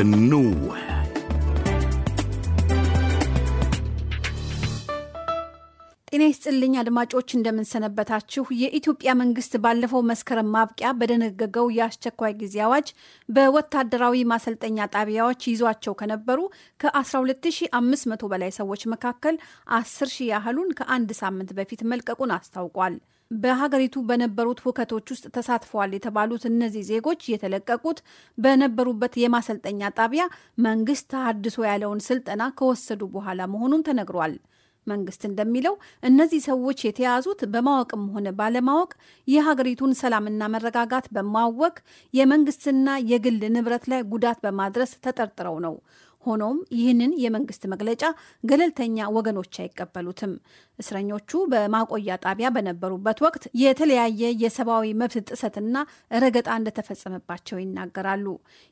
እንወያይ። ጤና ይስጥልኝ አድማጮች፣ እንደምንሰነበታችሁ። የኢትዮጵያ መንግስት ባለፈው መስከረም ማብቂያ በደነገገው የአስቸኳይ ጊዜ አዋጅ በወታደራዊ ማሰልጠኛ ጣቢያዎች ይዟቸው ከነበሩ ከ12500 በላይ ሰዎች መካከል 10 ሺህ ያህሉን ከአንድ ሳምንት በፊት መልቀቁን አስታውቋል። በሀገሪቱ በነበሩት ሁከቶች ውስጥ ተሳትፈዋል የተባሉት እነዚህ ዜጎች የተለቀቁት በነበሩበት የማሰልጠኛ ጣቢያ መንግስት ተሃድሶ ያለውን ስልጠና ከወሰዱ በኋላ መሆኑን ተነግሯል። መንግስት እንደሚለው እነዚህ ሰዎች የተያዙት በማወቅም ሆነ ባለማወቅ የሀገሪቱን ሰላምና መረጋጋት በማወክ የመንግስትና የግል ንብረት ላይ ጉዳት በማድረስ ተጠርጥረው ነው። ሆኖም ይህንን የመንግስት መግለጫ ገለልተኛ ወገኖች አይቀበሉትም። እስረኞቹ በማቆያ ጣቢያ በነበሩበት ወቅት የተለያየ የሰብአዊ መብት ጥሰትና ረገጣ እንደተፈጸመባቸው ይናገራሉ።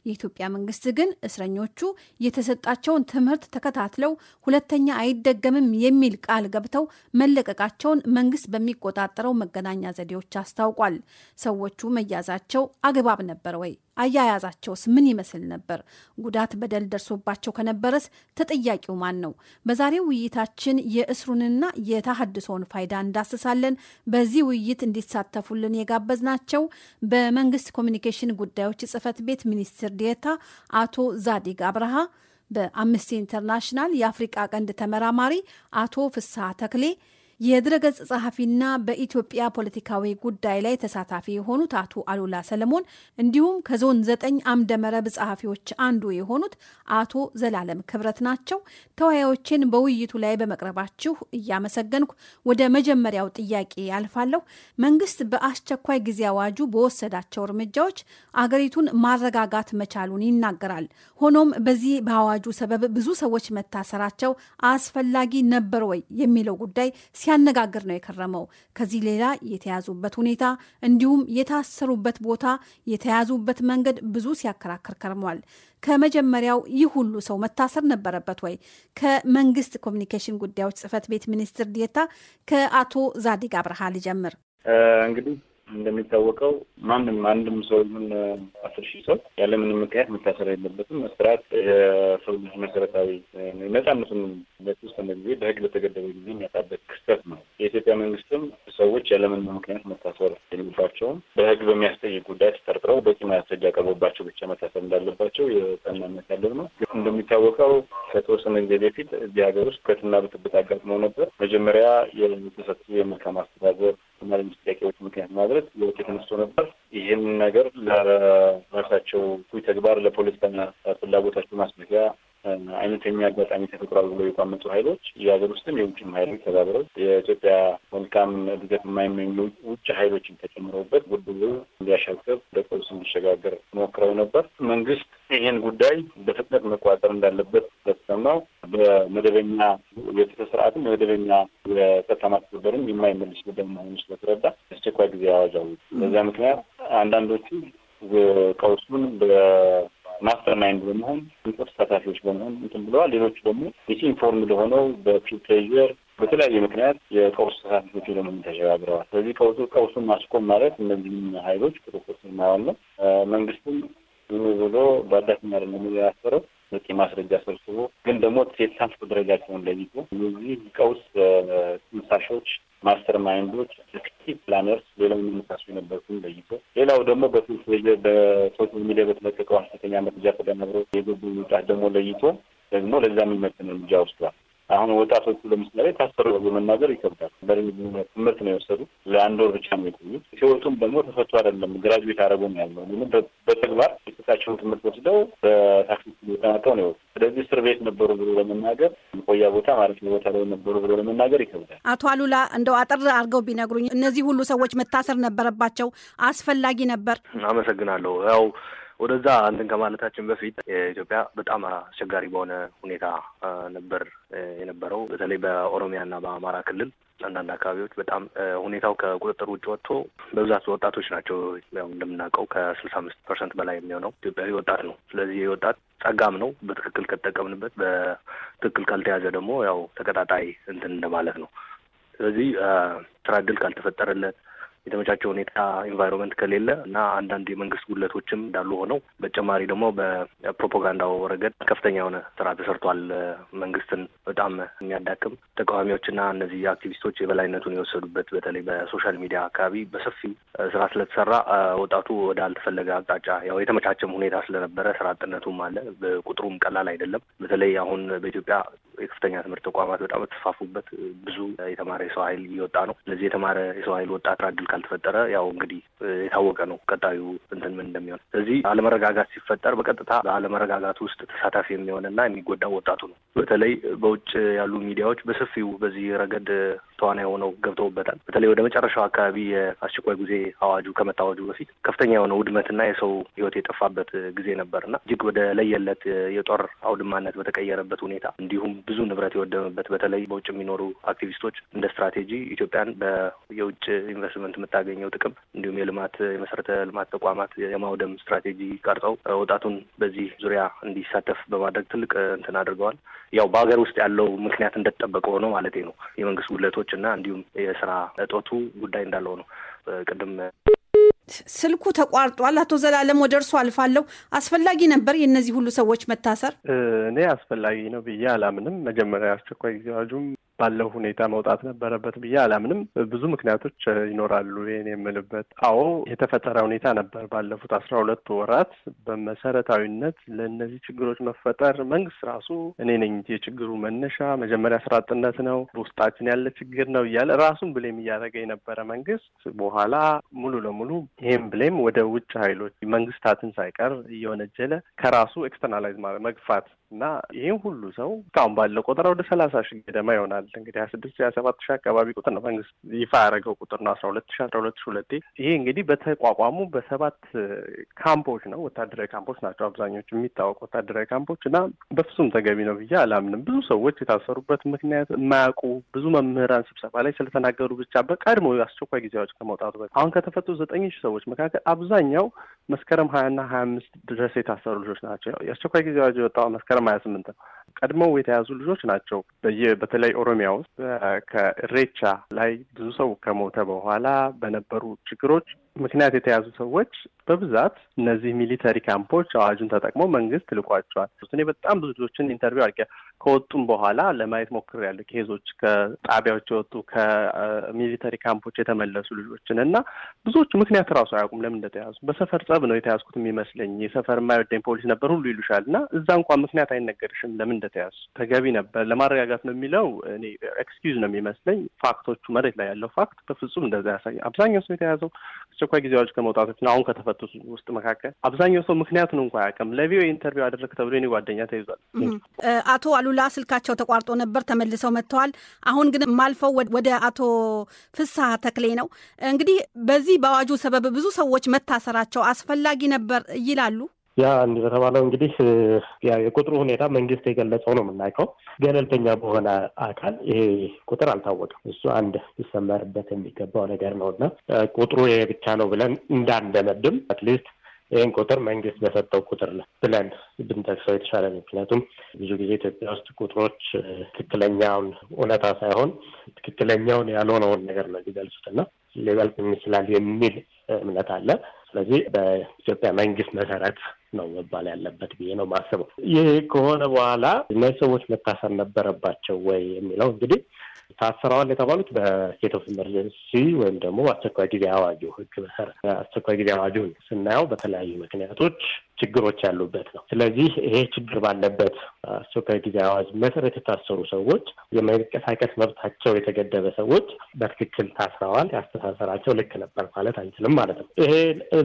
የኢትዮጵያ መንግስት ግን እስረኞቹ የተሰጣቸውን ትምህርት ተከታትለው ሁለተኛ አይደገምም የሚል ቃል ገብተው መለቀቃቸውን መንግስት በሚቆጣጠረው መገናኛ ዘዴዎች አስታውቋል። ሰዎቹ መያዛቸው አግባብ ነበር ወይ? አያያዛቸውስ ምን ይመስል ነበር? ጉዳት በደል ደርሶባቸው ከነበረስ ተጠያቂው ማን ነው? በዛሬው ውይይታችን የእስሩንና የተሃድሶውን ፋይዳ እንዳስሳለን። በዚህ ውይይት እንዲሳተፉልን የጋበዝናቸው በመንግስት ኮሚኒኬሽን ጉዳዮች ጽህፈት ቤት ሚኒስትር ዴታ አቶ ዛዲግ አብርሃ፣ በአምነስቲ ኢንተርናሽናል የአፍሪቃ ቀንድ ተመራማሪ አቶ ፍስሐ ተክሌ የድረገጽ ጸሐፊና በኢትዮጵያ ፖለቲካዊ ጉዳይ ላይ ተሳታፊ የሆኑት አቶ አሉላ ሰለሞን እንዲሁም ከዞን ዘጠኝ አምደመረብ ጸሐፊዎች አንዱ የሆኑት አቶ ዘላለም ክብረት ናቸው። ተወያዮችን በውይይቱ ላይ በመቅረባችሁ እያመሰገንኩ ወደ መጀመሪያው ጥያቄ ያልፋለሁ። መንግስት በአስቸኳይ ጊዜ አዋጁ በወሰዳቸው እርምጃዎች አገሪቱን ማረጋጋት መቻሉን ይናገራል። ሆኖም በዚህ በአዋጁ ሰበብ ብዙ ሰዎች መታሰራቸው አስፈላጊ ነበር ወይ የሚለው ጉዳይ ሲያነጋግር ነው የከረመው። ከዚህ ሌላ የተያዙበት ሁኔታ እንዲሁም የታሰሩበት ቦታ፣ የተያዙበት መንገድ ብዙ ሲያከራክር ከርሟል። ከመጀመሪያው ይህ ሁሉ ሰው መታሰር ነበረበት ወይ? ከመንግስት ኮሚኒኬሽን ጉዳዮች ጽህፈት ቤት ሚኒስትር ዴኤታ ከአቶ ዛዲግ አብርሃ ልጀምር። እንግዲህ እንደሚታወቀው ማንም አንድም ሰው ይሁን አስር ሺህ ሰው ያለ ምንም ምክንያት መታሰር የለበትም። እስራት የሰው ልጅ መሰረታዊ ነጻነቱን በተወሰነ ጊዜ በህግ በተገደበ ጊዜ የሚያጣበት ክስተት ነው። የኢትዮጵያ መንግስትም ሰዎች ያለ ያለምንም ምክንያት መታሰር የሚባቸውም በህግ በሚያስጠይቅ ጉዳይ ተጠርጥረው በቂ ማስረጃ ያቀርቡባቸው ብቻ መታሰር እንዳለባቸው የጸናነት ያለው ነው። እንደሚታወቀው ከተወሰነ ጊዜ በፊት እዚህ ሀገር ውስጥ ከትና ብጥብጥ አጋጥመው ነበር። መጀመሪያ የተሰጡ የመልካም አስተዳደር እና ለእነዚህ ጥያቄዎች ምክንያት ማድረግ ለውጥ የተነስቶ ነበር። ይህም ነገር ለራሳቸው ተግባር ለፖለቲካና ፍላጎታቸው ማስመጊያ አይነት የሚያጋጣሚ ተፈጥሯል ብሎ የቋመጡ ኃይሎች የሀገር ውስጥም የውጭም ኃይሎች ተባብረው የኢትዮጵያ መልካም እድገት የማይመኙ ውጭ ኃይሎችን ተጨምረውበት ጉዳዩ እንዲያሻገብ ወደ ቀውስ እንዲሸጋገር ሞክረው ነበር። መንግስት ይህን ጉዳይ በፍጥነት መቋጠር እንዳለበት ስለተሰማው በመደበኛ የፍትህ ስርዓትም የመደበኛ የጸጥታ ማስከበርም የማይመልስ ጉዳይ መሆኑ ስለተረዳ አስቸኳይ ጊዜ አዋጅ አወጡ። በዚያ ምክንያት አንዳንዶቹ ቀውሱን ማስተር ማይንድ በመሆን ንቁ ተሳታፊዎች በመሆን እንትን ብለዋል። ሌሎቹ ደግሞ ዲስኢንፎርምድ ሆነው በፒር ፕሬዠር በተለያየ ምክንያት የቀውስ ተሳታፊዎች ደግሞ ተሸጋግረዋል። ስለዚህ ቀውሱ ቀውሱን ማስቆም ማለት እነዚህም ሀይሎች ቁጥጥር ስር ማዋል ነው። መንግስትም ዝም ብሎ በአዳፍኛ ደግሞ ያሰረው በቂ ማስረጃ ሰብስቦ ግን ደግሞ ሴታንስ ደረጃቸውን ለይቶ እነዚህ ቀውስ ተነሳሾች ማስተር ማይንዶች ኤክቲቭ ፕላነርስ ሌላው የሚመሳሱ የነበሩትን ለይቶ ሌላው ደግሞ በሶሻል ሚዲያ በተለቀቀው ሀሰተኛ መረጃ ተደናብረው የገቡ ምንጮች ደግሞ ለይቶ ደግሞ ለዛ የሚመጥን እርምጃ ወስዷል። አሁን ወጣቶቹ ለምሳሌ ታሰሩ መናገር ይከብዳል። በልምድ ትምህርት ነው የወሰዱ ለአንድ ወር ብቻ ነው የቆዩት። ህይወቱም ደግሞ ተፈቶ አይደለም ግራጅቤት አደረጉ ነው ያለው። ግን በተግባር የሰጣቸውን ትምህርት ወስደው በታክሲ ተናቀው ነው የወጡ። ስለዚህ እስር ቤት ነበሩ ብሎ ለመናገር መቆያ ቦታ ማለት ቦታ ላይ ነበሩ ብሎ ለመናገር ይከብዳል። አቶ አሉላ እንደው አጠር አድርገው ቢነግሩኝ እነዚህ ሁሉ ሰዎች መታሰር ነበረባቸው አስፈላጊ ነበር? አመሰግናለሁ ያው ወደዛ እንትን ከማለታችን በፊት የኢትዮጵያ በጣም አስቸጋሪ በሆነ ሁኔታ ነበር የነበረው። በተለይ ና በአማራ ክልል አንዳንድ አካባቢዎች በጣም ሁኔታው ከቁጥጥር ውጭ ወጥቶ በብዛት ወጣቶች ናቸው። ያው እንደምናውቀው ከስልሳ አምስት ፐርሰንት በላይ የሚሆነው ኢትዮጵያዊ ወጣት ነው። ስለዚህ ወጣት ጸጋም ነው። በትክክል ከተጠቀምንበት፣ በትክክል ካልተያዘ ደግሞ ያው ተቀጣጣይ እንትን እንደማለት ነው። ስለዚህ ስራ እድል ካልተፈጠረለት የተመቻቸው ሁኔታ ኢንቫይሮንመንት ከሌለ እና አንዳንድ የመንግስት ጉድለቶችም እንዳሉ ሆነው በተጨማሪ ደግሞ በፕሮፓጋንዳው ረገድ ከፍተኛ የሆነ ስራ ተሰርቷል። መንግስትን በጣም የሚያዳክም ተቃዋሚዎችና እነዚህ አክቲቪስቶች የበላይነቱን የወሰዱበት በተለይ በሶሻል ሚዲያ አካባቢ በሰፊ ስራ ስለተሰራ ወጣቱ ወደ አልተፈለገ አቅጣጫ ያው የተመቻቸም ሁኔታ ስለነበረ ስራ አጥነቱም አለ። ቁጥሩም ቀላል አይደለም። በተለይ አሁን በኢትዮጵያ የከፍተኛ ትምህርት ተቋማት በጣም በተስፋፉበት ብዙ የተማረ የሰው ኃይል እየወጣ ነው። ስለዚህ የተማረ የሰው ኃይል ወጣት ስራ እድል ካልተፈጠረ ያው እንግዲህ የታወቀ ነው ቀጣዩ እንትን ምን እንደሚሆን። ስለዚህ አለመረጋጋት ሲፈጠር በቀጥታ በአለመረጋጋት ውስጥ ተሳታፊ የሚሆንና የሚጎዳው ወጣቱ ነው። በተለይ በውጭ ያሉ ሚዲያዎች በሰፊው በዚህ ረገድ ተዋናይ ሆነው ገብተውበታል። በተለይ ወደ መጨረሻው አካባቢ የአስቸኳይ ጊዜ አዋጁ ከመታወጁ በፊት ከፍተኛ የሆነ ውድመትና የሰው ህይወት የጠፋበት ጊዜ ነበርና እጅግ ወደ ለየለት የጦር አውድማነት በተቀየረበት ሁኔታ እንዲሁም ብዙ ንብረት የወደመበት በተለይ በውጭ የሚኖሩ አክቲቪስቶች እንደ ስትራቴጂ ኢትዮጵያን የውጭ ኢንቨስትመንት የምታገኘው ጥቅም እንዲሁም የልማት የመሰረተ ልማት ተቋማት የማውደም ስትራቴጂ ቀርጸው ወጣቱን በዚህ ዙሪያ እንዲሳተፍ በማድረግ ትልቅ እንትን አድርገዋል። ያው በሀገር ውስጥ ያለው ምክንያት እንደተጠበቀ ሆኖ ማለት ነው። የመንግስት ጉድለቶች እና እንዲሁም የስራ እጦቱ ጉዳይ እንዳለው ነው ቅድም ስልኩ ተቋርጧል። አቶ ዘላለም ወደ እርሱ አልፋለሁ። አስፈላጊ ነበር የእነዚህ ሁሉ ሰዎች መታሰር? እኔ አስፈላጊ ነው ብዬ አላምንም። መጀመሪያ አስቸኳይ ጊዜ አዋጁም ባለው ሁኔታ መውጣት ነበረበት ብዬ አላምንም። ብዙ ምክንያቶች ይኖራሉ። ይህን የምልበት አዎ፣ የተፈጠረ ሁኔታ ነበር። ባለፉት አስራ ሁለት ወራት በመሰረታዊነት ለእነዚህ ችግሮች መፈጠር መንግስት ራሱ እኔ ነኝ የችግሩ መነሻ መጀመሪያ ስራ አጥነት ነው፣ በውስጣችን ያለ ችግር ነው እያለ ራሱን ብሌም እያደረገ የነበረ መንግስት በኋላ ሙሉ ለሙሉ ይህም ብሌም ወደ ውጭ ኃይሎች መንግስታትን ሳይቀር እየወነጀለ ከራሱ ኤክስተርናላይዝ ማለት መግፋት እና ይህን ሁሉ ሰው እስካሁን ባለው ቁጥር ወደ ሰላሳ ሺህ ገደማ ይሆናል። እንግዲህ ሀያ ስድስት ሀያ ሰባት ሺህ አካባቢ ቁጥር ነው መንግስት ይፋ ያደረገው ቁጥር ነው። አስራ ሁለት ሺህ አስራ ሁለት ሺህ ሁለቴ ይሄ እንግዲህ በተቋቋሙ በሰባት ካምፖች ነው ወታደራዊ ካምፖች ናቸው አብዛኞቹ የሚታወቁ ወታደራዊ ካምፖች እና በፍጹም ተገቢ ነው ብዬ አላምንም። ብዙ ሰዎች የታሰሩበት ምክንያት የማያውቁ ብዙ መምህራን ስብሰባ ላይ ስለተናገሩ ብቻ በቀድሞ አስቸኳይ ጊዜዎች ከመውጣቱ በ አሁን ከተፈቱ ዘጠኝ ሺህ ሰዎች መካከል አብዛኛው መስከረም ሀያና ሀያ አምስት ድረስ የታሰሩ ልጆች ናቸው። የአስቸኳይ ጊዜ አዋጅ የወጣው መስከረም 말씀입니다. ቀድመው የተያዙ ልጆች ናቸው። በየ በተለይ ኦሮሚያ ውስጥ ከሬቻ ላይ ብዙ ሰው ከሞተ በኋላ በነበሩ ችግሮች ምክንያት የተያዙ ሰዎች በብዛት እነዚህ ሚሊተሪ ካምፖች አዋጁን ተጠቅሞ መንግስት ልኳቸዋል። እኔ በጣም ብዙ ልጆችን ኢንተርቪው አድርጌ ከወጡም በኋላ ለማየት ሞክሬያለሁ። ኬዞች ከጣቢያዎች የወጡ ከሚሊተሪ ካምፖች የተመለሱ ልጆችን እና ብዙዎቹ ምክንያት ራሱ አያውቁም ለምን እንደተያዙ። በሰፈር ጸብ ነው የተያዝኩት የሚመስለኝ የሰፈር የማይወደኝ ፖሊስ ነበር ሁሉ ይሉሻል እና እዛ እንኳን ምክንያት አይነገርሽም ለምን እንደተያዙ ተገቢ ነበር ለማረጋጋት ነው የሚለው እኔ ኤክስኪዩዝ ነው የሚመስለኝ። ፋክቶቹ መሬት ላይ ያለው ፋክት በፍጹም እንደዛ ያሳ አብዛኛው ሰው የተያዘው አስቸኳይ ጊዜ አዋጅ ከመውጣቶች አሁን ከተፈቱት ውስጥ መካከል አብዛኛው ሰው ምክንያቱን እንኳ አያውቅም። ለቪኦኤ ኢንተርቪው አደረግ ተብሎ የኔ ጓደኛ ተይዟል። አቶ አሉላ ስልካቸው ተቋርጦ ነበር፣ ተመልሰው መጥተዋል። አሁን ግን ማልፈው ወደ አቶ ፍሳ ተክሌ ነው። እንግዲህ በዚህ በአዋጁ ሰበብ ብዙ ሰዎች መታሰራቸው አስፈላጊ ነበር ይላሉ። ያ እንደተባለው እንግዲህ የቁጥሩ ሁኔታ መንግስት የገለጸው ነው የምናውቀው። ገለልተኛ በሆነ አካል ይሄ ቁጥር አልታወቀም። እሱ አንድ ሊሰመርበት የሚገባው ነገር ነው እና ቁጥሩ ይሄ ብቻ ነው ብለን እንዳንደመድም አትሊስት ይህን ቁጥር መንግስት በሰጠው ቁጥር ብለን ብንጠቅሰው የተሻለ ነው። ምክንያቱም ብዙ ጊዜ ኢትዮጵያ ውስጥ ቁጥሮች ትክክለኛውን እውነታ ሳይሆን ትክክለኛውን ያልሆነውን ነገር ነው ሊገልጹት እና ሊገልጽ ይችላል የሚል እምነት አለ። ስለዚህ በኢትዮጵያ መንግስት መሰረት ነው መባል ያለበት ብዬ ነው ማስበው። ይህ ከሆነ በኋላ እነዚህ ሰዎች መታሰር ነበረባቸው ወይ የሚለው እንግዲህ ታስረዋል የተባሉት በስቴት ኦፍ ኢመርጀንሲ ወይም ደግሞ አስቸኳይ ጊዜ አዋጁ ህግ መሰረት አስቸኳይ ጊዜ አዋጁን ስናየው በተለያዩ ምክንያቶች ችግሮች ያሉበት ነው። ስለዚህ ይሄ ችግር ባለበት አስቸኳይ ጊዜ አዋጅ መሰረት የታሰሩ ሰዎች፣ የመንቀሳቀስ መብታቸው የተገደበ ሰዎች በትክክል ታስረዋል። ያስተሳሰራቸው ልክ ነበር ማለት አንችልም ማለት ነው። ይሄ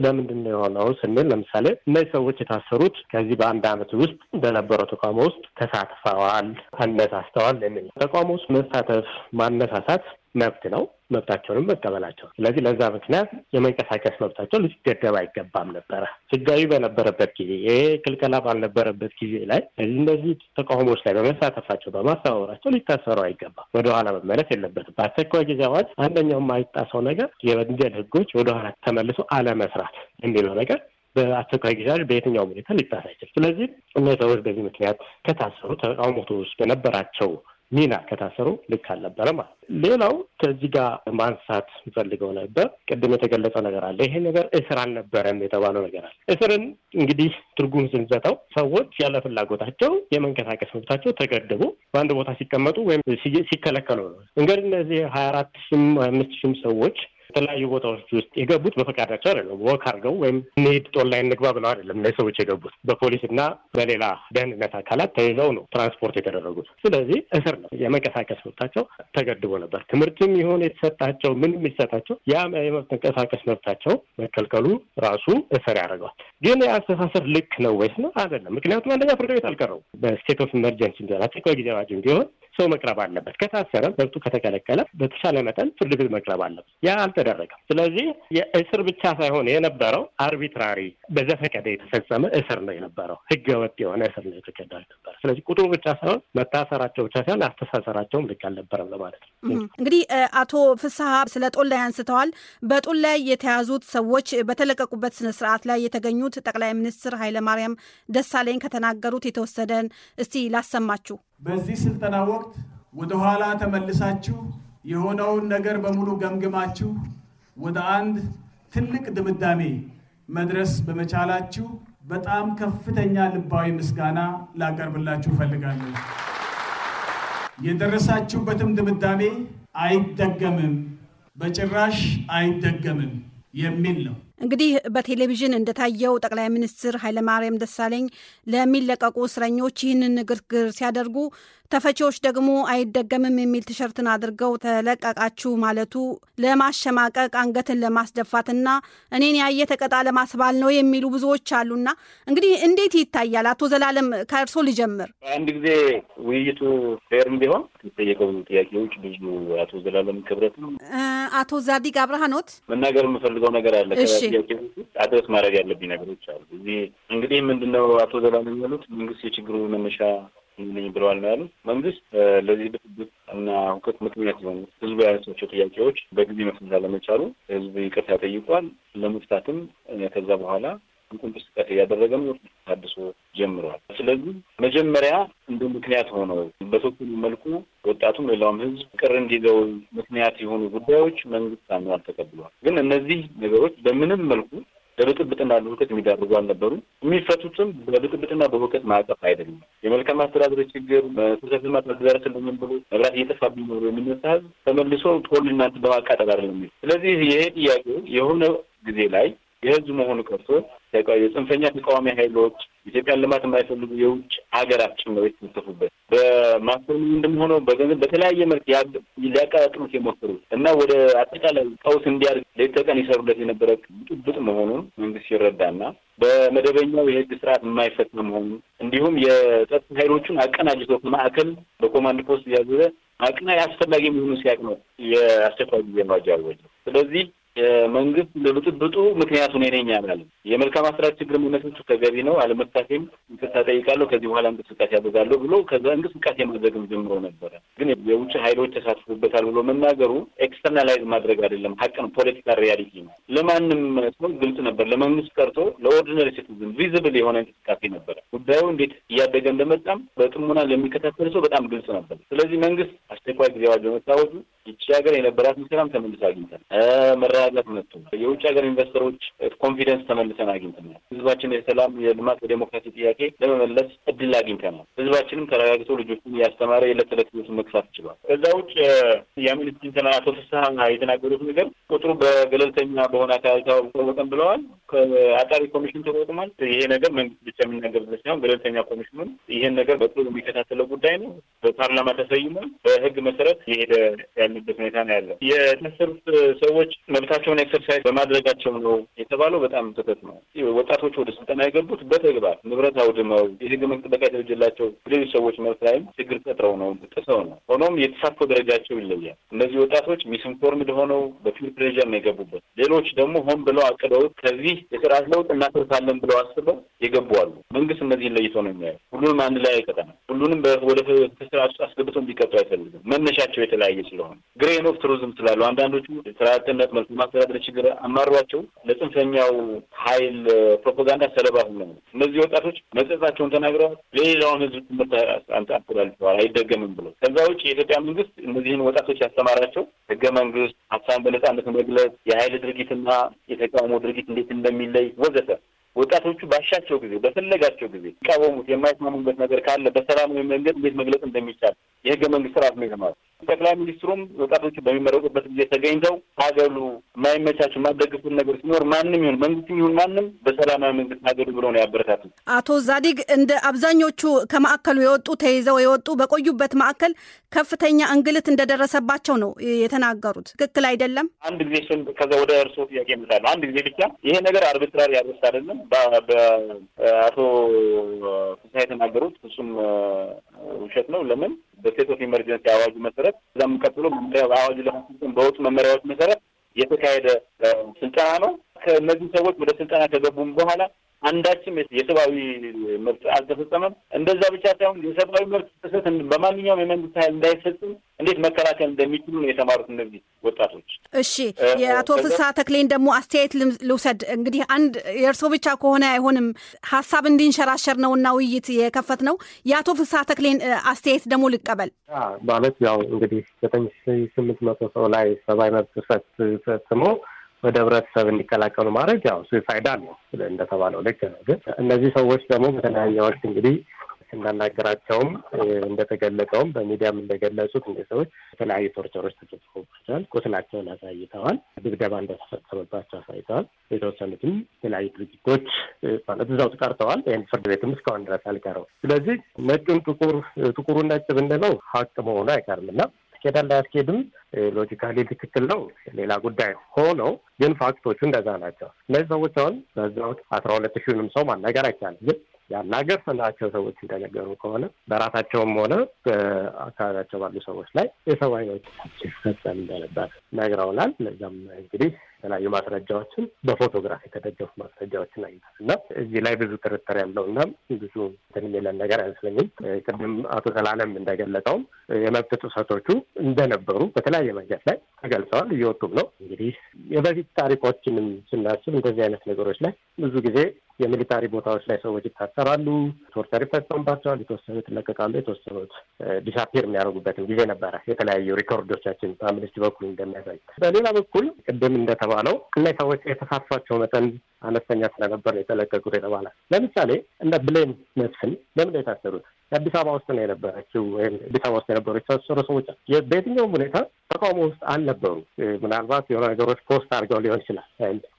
ለምንድን ነው የሆነው ስንል ለምሳሌ እነዚህ ሰዎች የታሰሩት ከዚህ በአንድ አመት ውስጥ በነበረው ተቃውሞ ውስጥ ተሳትፈዋል፣ አነሳስተዋል የሚል ተቃውሞ ውስጥ መሳተፍ ማነሳሳት መብት ነው። መብታቸውንም መቀበላቸው። ስለዚህ ለዛ ምክንያት የመንቀሳቀስ መብታቸው ሊገደብ አይገባም ነበረ። ህጋዊ በነበረበት ጊዜ ይሄ ክልከላ ባልነበረበት ጊዜ ላይ እነዚህ ተቃውሞዎች ላይ በመሳተፋቸው በማስተባበራቸው ሊታሰሩ አይገባም። ወደኋላ መመለስ የለበትም። በአስቸኳይ ጊዜ አዋጅ አንደኛው የማይጣሰው ነገር የወንጀል ህጎች ወደኋላ ተመልሶ አለመስራት የሚለው ነገር በአስቸኳይ ጊዜ በየትኛውም ሁኔታ ሊጣስ አይችልም። ስለዚህ እነዚህ ሰዎች በዚህ ምክንያት ከታሰሩ ተቃውሞቶች በነበራቸው ሚና ከታሰሩ ልክ አልነበረ ማለት። ሌላው ከዚህ ጋር ማንሳት ፈልገው ነበር። ቅድም የተገለጸው ነገር አለ። ይሄ ነገር እስር አልነበረም የተባለው ነገር አለ። እስርን እንግዲህ ትርጉም ስንሰጠው ሰዎች ያለ ፍላጎታቸው የመንቀሳቀስ መብታቸው ተገድቦ በአንድ ቦታ ሲቀመጡ ወይም ሲከለከሉ ነው። እንግዲህ እነዚህ ሀያ አራት ሺም አምስት ሺም ሰዎች የተለያዩ ቦታዎች ውስጥ የገቡት በፈቃዳቸው አይደለም። ወክ አድርገው ወይም እንሂድ ጦር እንግባ ብለው አይደለም። እነዚህ ሰዎች የገቡት በፖሊስ እና በሌላ ደህንነት አካላት ተይዘው ነው ትራንስፖርት የተደረጉት። ስለዚህ እስር ነው። የመንቀሳቀስ መብታቸው ተገድቦ ነበር። ትምህርትም ይሁን የተሰጣቸው ምን የሚሰጣቸው ያ የመንቀሳቀስ መብታቸው መከልከሉ ራሱ እስር ያደርገዋል። ግን የአስተሳሰር ልክ ነው ወይስ ነው አይደለም? ምክንያቱም አንደኛ ፍርድ ቤት አልቀረው በስቴት ኦፍ ኢመርጀንሲ እንዲሆን አስቸኳይ ጊዜ አዋጅም ቢሆን ሰው መቅረብ አለበት። ከታሰረ መብቱ ከተከለከለ በተሻለ መጠን ፍርድ ቤት መቅረብ አለበት። ያ ተደረገ። ስለዚህ የእስር ብቻ ሳይሆን የነበረው አርቢትራሪ በዘፈቀደ የተፈጸመ እስር ነው የነበረው። ህገ ወጥ የሆነ እስር ነው የተገዳ ነበር። ስለዚህ ቁጥሩ ብቻ ሳይሆን መታሰራቸው ብቻ ሳይሆን አስተሳሰራቸውም ልክ አልነበረም ለማለት ነው። እንግዲህ አቶ ፍስሀ ስለ ጦል ላይ አንስተዋል። በጦል ላይ የተያዙት ሰዎች በተለቀቁበት ስነስርዓት ላይ የተገኙት ጠቅላይ ሚኒስትር ኃይለማርያም ደሳለኝ ከተናገሩት የተወሰደን እስቲ ላሰማችሁ። በዚህ ስልጠና ወቅት ወደኋላ ተመልሳችሁ የሆነውን ነገር በሙሉ ገምግማችሁ ወደ አንድ ትልቅ ድምዳሜ መድረስ በመቻላችሁ በጣም ከፍተኛ ልባዊ ምስጋና ላቀርብላችሁ እፈልጋለሁ። የደረሳችሁበትም ድምዳሜ አይደገምም፣ በጭራሽ አይደገምም የሚል ነው። እንግዲህ በቴሌቪዥን እንደታየው ጠቅላይ ሚኒስትር ኃይለማርያም ደሳለኝ ለሚለቀቁ እስረኞች ይህንን ንግግር ሲያደርጉ ተፈቺዎች ደግሞ አይደገምም የሚል ቲሸርትን አድርገው ተለቀቃችሁ ማለቱ ለማሸማቀቅ አንገትን ለማስደፋትና እኔን ያየ ተቀጣ ለማስባል ነው የሚሉ ብዙዎች አሉና እንግዲህ እንዴት ይታያል? አቶ ዘላለም ከእርሶ ልጀምር። አንድ ጊዜ ውይይቱ ፌርም ቢሆን የጠየቀው ጥያቄዎች ብዙ አቶ ዘላለም ክብረት ነው አቶ ዛዲግ አብርሃኖት መናገር የምፈልገው ነገር አለ። አድረስ ማድረግ ያለብኝ ነገሮች አሉ። እዚህ እንግዲህ ምንድነው አቶ ዘላለም ያሉት መንግስት የችግሩ መነሻ እንግኝ ብለዋል ነው ያሉት። መንግስት ለዚህ ብጥብጥ እና ሁከት ምክንያት የሆኑ ህዝቡ ያነሳቸው ጥያቄዎች በጊዜ መፍታት አለመቻሉ ህዝብ ይቅርታ ጠይቋል። ለመፍታትም ከዛ በኋላ እንቁም እንቅስቃሴ እያደረገም ታድሶ ጀምሯል። ስለዚህ መጀመሪያ እንደ ምክንያት ሆነው በተወሰኑ መልኩ ወጣቱም ሌላውም ህዝብ ቅር እንዲለው ምክንያት የሆኑ ጉዳዮች መንግስት አምኗል፣ ተቀብሏል። ግን እነዚህ ነገሮች በምንም መልኩ ለብጥብጥና ለሁከት የሚዳርጉ አልነበሩም። የሚፈቱትም በብጥብጥና በሁከት ማዕቀፍ አይደለም። የመልካም አስተዳደር ችግር መሰረተ ልማት አልተዳረስልኝም ብሎ መብራት እየጠፋብኝ ነው የሚነሳ ህዝብ ተመልሶ ጦር እናንተ በማቃጠል አይደለም። ስለዚህ ይሄ ጥያቄ የሆነ ጊዜ ላይ የህዝብ መሆኑ ቀርቶ የጽንፈኛ ተቃዋሚ ኃይሎች ኢትዮጵያን ልማት የማይፈልጉ የውጭ ሀገራት ጭምር የተሳተፉበት በማክሰኞ እንደምሆነው በገንዘብ በተለያየ መልክ ሊያቀጣጥሉት የሞከሩት እና ወደ አጠቃላይ ቀውስ እንዲያድግ ሌት ተቀን ይሰሩለት የነበረ ብጥብጥ መሆኑን መንግስት ይረዳና በመደበኛው የህግ ስርዓት የማይፈትነ መሆኑን እንዲሁም የጸጥታ ኃይሎቹን አቀናጅቶ ከማዕከል በኮማንድ ፖስት እያዘዘ አቅና አስፈላጊ የሚሆኑ ሲያቅ ነው የአስቸኳይ ጊዜ አዋጅ አወጀ። ስለዚህ የመንግስት ለብጥብጡ ምክንያቱ እኔ ነኝ ያላል። የመልካም አስተዳደር ችግር መነሳቱ ተገቢ ነው፣ አለመፍታቴም ይቅርታ ጠይቃለሁ፣ ከዚህ በኋላ እንቅስቃሴ ያበዛለሁ ብሎ ከዛ እንቅስቃሴ ማድረግም ጀምሮ ነበረ። ግን የውጭ ሀይሎች ተሳትፉበታል ብሎ መናገሩ ኤክስተርናላይዝ ማድረግ አይደለም፣ ሀቅ ነው። ፖለቲካል ሪያሊቲ ነው። ለማንም ሰው ግልጽ ነበር፣ ለመንግስት ቀርቶ ለኦርዲነሪ ሲቲዝን ቪዝብል የሆነ እንቅስቃሴ ነበረ። ጉዳዩ እንዴት እያደገ እንደመጣም በጥሞና ለሚከታተል ሰው በጣም ግልጽ ነበር። ስለዚህ መንግስት አስቸኳይ ጊዜ አዋጅ በመታወጁ ይቺ ሀገር የነበራትን ሰላም ተመልሶ አግኝታል። መራ ታላቅ መጡ። የውጭ ሀገር ኢንቨስተሮች ኮንፊደንስ ተመልሰን አግኝተናል። ህዝባችን የሰላም የልማት የዴሞክራሲ ጥያቄ ለመመለስ እድል አግኝተናል። ህዝባችንም ተረጋግቶ ልጆችን እያስተማረ የዕለት ተዕለት ህይወቱን መግፋት ችሏል። እዛ ውጭ የአምነስቲ አቶ ፍስሀ የተናገሩት ነገር ቁጥሩ በገለልተኛ በሆነ አካባቢ ታወቀን ብለዋል። ከአጣሪ ኮሚሽን ተቋቁሟል። ይሄ ነገር መንግስት ብቻ የሚናገርበት ሳይሆን ገለልተኛ ኮሚሽኑን ይህን ነገር በጥሩ የሚከታተለው ጉዳይ ነው። በፓርላማ ተሰይሞ በህግ መሰረት የሄደ ያለበት ሁኔታ ነው ያለው። የታሰሩት ሰዎች መብታ የራሳቸውን ኤክሰርሳይዝ በማድረጋቸው ነው የተባለው በጣም ስህተት ነው። ወጣቶቹ ወደ ስልጠና የገቡት በተግባር ንብረት አውድመው የህግ ጥበቃ የተበጀላቸው ሌሎች ሰዎች መብት ላይም ችግር ፈጥረው ነው ጥሰው ነው። ሆኖም የተሳትፎ ደረጃቸው ይለያል። እነዚህ ወጣቶች ሚስኢንፎርምድ ሆነው በፊል ፕሬዠር ነው የገቡበት። ሌሎች ደግሞ ሆን ብለው አቅደው ከዚህ የስርዓት ለውጥ እናተርፋለን ብለው አስበው የገቡ አሉ። መንግስት እነዚህን ለይቶ ነው የሚያየው። ሁሉንም አንድ ላይ አይቀጠም። ሁሉንም ወደ ስርዓት ውስጥ አስገብቶ እንዲቀጡ አይፈልግም። መነሻቸው የተለያየ ስለሆነ ግሬን ኦፍ ቱሪዝም ስላሉ አንዳንዶቹ ስርዓትነት መልኩ የማስተዳደር ችግር አማሯቸው ለጽንፈኛው ኃይል ፕሮፓጋንዳ ሰለባ ነው። እነዚህ ወጣቶች መጸጸታቸውን ተናግረዋል። ሌላውን ህዝብ ትምህርት አንጣፍላልተዋል አይደገምም ብሎ ከዛ ውጭ የኢትዮጵያ መንግስት እነዚህን ወጣቶች ያስተማራቸው ህገ መንግስት፣ ሀሳብን በነጻነት መግለጽ፣ የኃይል ድርጊትና የተቃውሞ ድርጊት እንዴት እንደሚለይ ወዘተ ወጣቶቹ ባሻቸው ጊዜ በፈለጋቸው ጊዜ ይቃወሙት የማይስማሙበት ነገር ካለ በሰላማዊ መንገድ እንዴት መግለጽ እንደሚቻል የህገ መንግስት ስርዓት ነው የተማሩ። ጠቅላይ ሚኒስትሩም ወጣቶቹ በሚመረቁበት ጊዜ ተገኝተው ታገሉ፣ የማይመቻቸው የማይደግፉት ነገር ሲኖር ማንም ይሁን መንግስትም ይሁን ማንም በሰላማዊ መንገድ ታገሉ ብሎ ነው ያበረታቱ። አቶ ዛዲግ እንደ አብዛኞቹ ከማዕከሉ የወጡ ተይዘው የወጡ በቆዩበት ማዕከል ከፍተኛ እንግልት እንደደረሰባቸው ነው የተናገሩት። ትክክል አይደለም። አንድ ጊዜ ከዛ ወደ እርስዎ ጥያቄ እመጣለሁ። አንድ ጊዜ ብቻ ይሄ ነገር አርቢትራሪ አርበስት አይደለም። በአቶ ፍሳ የተናገሩት እሱም ውሸት ነው። ለምን በስቴት ኦፍ ኢመርጀንሲ አዋጁ መሰረት እዛም ቀጥሎ አዋጁ ለማስፈጸም በወጡ መመሪያዎች መሰረት የተካሄደ ስልጠና ነው። ከእነዚህ ሰዎች ወደ ስልጠና ከገቡም በኋላ አንዳችም የሰብአዊ መብት አልተፈጸመም። እንደዛ ብቻ ሳይሆን የሰብአዊ መብት ጥሰት በማንኛውም የመንግስት ኃይል እንዳይፈጽም እንዴት መከላከል እንደሚችሉ ነው የተማሩት እነዚህ ወጣቶች። እሺ፣ የአቶ ፍስሐ ተክሌን ደግሞ አስተያየት ልውሰድ። እንግዲህ አንድ የእርሶ ብቻ ከሆነ አይሆንም፣ ሀሳብ እንዲንሸራሸር ነው እና ውይይት የከፈት ነው። የአቶ ፍስሐ ተክሌን አስተያየት ደግሞ ልቀበል ማለት ያው እንግዲህ ዘጠኝ ስምንት መቶ ሰው ላይ ሰብአዊ መብት ጥሰት ፈጽሞ ወደ ህብረተሰብ እንዲቀላቀሉ ማድረግ ያው ሱይሳይዳል ነው እንደተባለው ልክ ነው። ግን እነዚህ ሰዎች ደግሞ በተለያየ ወቅት እንግዲህ ስናናገራቸውም እንደተገለጸውም በሚዲያም እንደገለጹት እንደ ሰዎች የተለያዩ ቶርቸሮች ተፈጽሞባቸዋል። ቁስላቸውን አሳይተዋል። ድብደባ እንደተፈጸመባቸው አሳይተዋል። የተወሰኑትም የተለያዩ ድርጅቶች ማለት እዛው ቀርተዋል። ይህን ፍርድ ቤትም እስካሁን ድረስ አልቀረው። ስለዚህ ነጩን ጥቁር፣ ጥቁሩን ነጭ ብንለው ሀቅ መሆኑ አይቀርም እና ያስኬዳል አያስኬድም ሎጂካሊ ትክክል ነው ሌላ ጉዳይ ሆኖ ግን ፋክቶቹ እንደዛ ናቸው። እነዚህ ሰዎች አሁን በዛ ወቅት አስራ ሁለት ሺውንም ሰው ማናገር አይቻልም። ግን ያናገርናቸው ሰዎች እንደነገሩ ከሆነ በራሳቸውም ሆነ በአካባቢያቸው ባሉ ሰዎች ላይ የሰብአዊ መብት ሲፈጸም እንደነበር ነግረውናል። እነዚም እንግዲህ የተለያዩ ማስረጃዎችን በፎቶግራፍ የተደገፉ ማስረጃዎችን አግኝታል እና እዚህ ላይ ብዙ ጥርጥር ያለው እና ብዙ እንትን የሚለን ነገር አይመስለኝም። ቅድም አቶ ሰላለም እንደገለጠውም የመብት ጥሰቶቹ እንደነበሩ በተለያየ መንገድ ላይ ተገልጸዋል፣ እየወጡም ነው። እንግዲህ የበፊት ታሪኮችንም ስናስብ እንደዚህ አይነት ነገሮች ላይ ብዙ ጊዜ የሚሊታሪ ቦታዎች ላይ ሰዎች ይታሰራሉ፣ ቶርቸር ይፈጸምባቸዋል። የተወሰኑት ይለቀቃሉ፣ የተወሰኑት ዲሳፔር የሚያደርጉበትም ጊዜ ነበረ። የተለያዩ ሪኮርዶቻችን በአምነስቲ በኩል እንደሚያሳይ፣ በሌላ በኩል ቅድም እንደተባለው እና ሰዎች የተሳትፏቸው መጠን አነስተኛ ስለነበር የተለቀቁት የተባለ ለምሳሌ እነ ብሌን መስፍን ለምን የታሰሩት? የአዲስ አበባ ውስጥ ነው የነበረችው ወይም አዲስ አበባ ውስጥ የነበሩ የተሳሰሩ ሰዎች በየትኛውም ሁኔታ ተቃውሞ ውስጥ አልነበሩ። ምናልባት የሆነ ነገሮች ፖስት አድርገው ሊሆን ይችላል።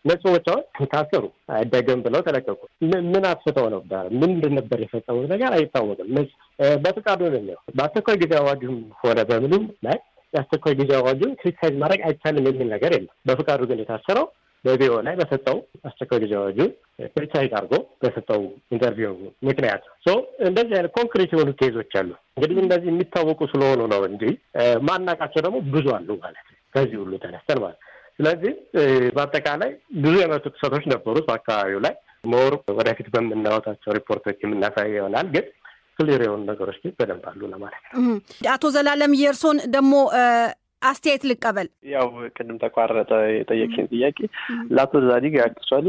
እነዚህ ሰዎች አሁን ታሰሩ፣ አይደገም ብለው ተለቀቁ። ምን አስፍተው ነበር? ምንድን ነበር የፈጸሙት ነገር አይታወቅም። በፍቃዱ ነው በአስቸኳይ ጊዜ አዋጁም ሆነ በምንም ላይ የአስቸኳይ ጊዜ አዋጁን ክሪቲሳይዝ ማድረግ አይቻልም የሚል ነገር የለም። በፍቃዱ ግን የታሰረው በቪኦ ላይ በሰጠው አስቸኳይ ጊዜ አዋጁ ፕሪሳይድ አድርጎ በሰጠው ኢንተርቪው ምክንያት እንደዚህ አይነት ኮንክሪት የሆኑ ኬዞች አሉ። እንግዲህ እንደዚህ የሚታወቁ ስለሆኑ ነው እንጂ ማናቃቸው ደግሞ ብዙ አሉ ማለት ነው። ከዚህ ሁሉ ተነስተን ማለት ስለዚህ በአጠቃላይ ብዙ የመቱ ክሰቶች ነበሩት በአካባቢው ላይ መወሩ ወደፊት በምናወጣቸው ሪፖርቶች የምናሳይ ይሆናል ግን ክሊር የሆኑ ነገሮች በደንብ አሉ ለማለት ነው። አቶ ዘላለም የእርሶን ደግሞ አስተያየት ልቀበል። ያው ቅድም ተቋረጠ የጠየቅሽኝ ጥያቄ ለአቶ ዛዲግ አክቹዋሊ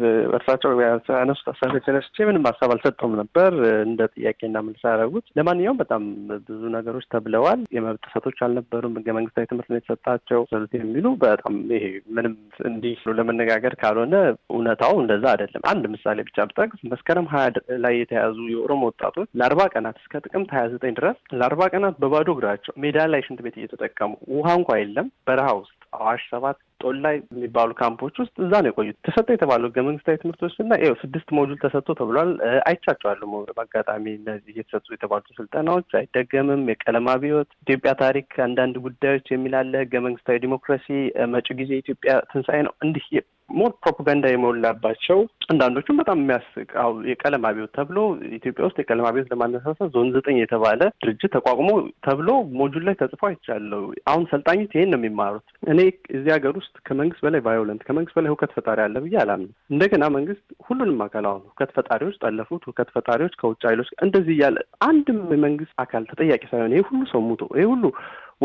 በእርሳቸው ያነሱት ሀሳብ ተነስቼ ምንም ሀሳብ አልሰጠውም ነበር እንደ ጥያቄ እና መልስ ያደረጉት። ለማንኛውም በጣም ብዙ ነገሮች ተብለዋል። የመብት ጥሰቶች አልነበሩም፣ ህገ መንግስታዊ ትምህርት ነው የተሰጣቸው ሰሉት የሚሉ በጣም ይሄ ምንም እንዲህ ለመነጋገር ካልሆነ እውነታው እንደዛ አይደለም። አንድ ምሳሌ ብቻ ብጠቅስ መስከረም ሀያ ላይ የተያዙ የኦሮሞ ወጣቶች ለአርባ ቀናት እስከ ጥቅምት ሀያ ዘጠኝ ድረስ ለአርባ ቀናት በባዶ እግራቸው ሜዳ ላይ ሽንት ቤት እየተጠቀ የሚጠቀሙ ውሃ እንኳ የለም። በረሃ ውስጥ አዋሽ ሰባት ጦላይ የሚባሉ ካምፖች ውስጥ እዛ ነው የቆዩት። ተሰጠ የተባለ ህገ መንግስታዊ ትምህርቶች እና ይኸው ስድስት ሞጁል ተሰጥቶ ተብሏል። አይቻቸዋለሁ በአጋጣሚ እነዚህ የተሰጡ የተባሉ ስልጠናዎች አይደገምም፣ የቀለም አብዮት፣ ኢትዮጵያ ታሪክ፣ አንዳንድ ጉዳዮች የሚል አለ፣ ህገ መንግስታዊ ዲሞክራሲ፣ መጪ ጊዜ ኢትዮጵያ ትንሣኤ ነው እንዲህ ሞር ፕሮፓጋንዳ የሞላባቸው አንዳንዶቹም በጣም የሚያስቃው የቀለም አብዮት ተብሎ ኢትዮጵያ ውስጥ የቀለም አብዮት ለማነሳሳት ዞን ዘጠኝ የተባለ ድርጅት ተቋቁሞ ተብሎ ሞጁል ላይ ተጽፎ አይቻለሁ። አሁን ሰልጣኞች ይሄን ነው የሚማሩት። እኔ እዚህ ሀገር ውስጥ መንግስት ከመንግስት በላይ ቫዮለንት ከመንግስት በላይ ሁከት ፈጣሪ አለ ብዬ አላምንም። እንደገና መንግስት ሁሉንም አካል አሁን ሁከት ፈጣሪዎች ጠለፉት፣ ሁከት ፈጣሪዎች ከውጭ ኃይሎች እንደዚህ እያለ አንድም የመንግስት አካል ተጠያቂ ሳይሆን ይህ ሁሉ ሰው ሙቶ ይህ ሁሉ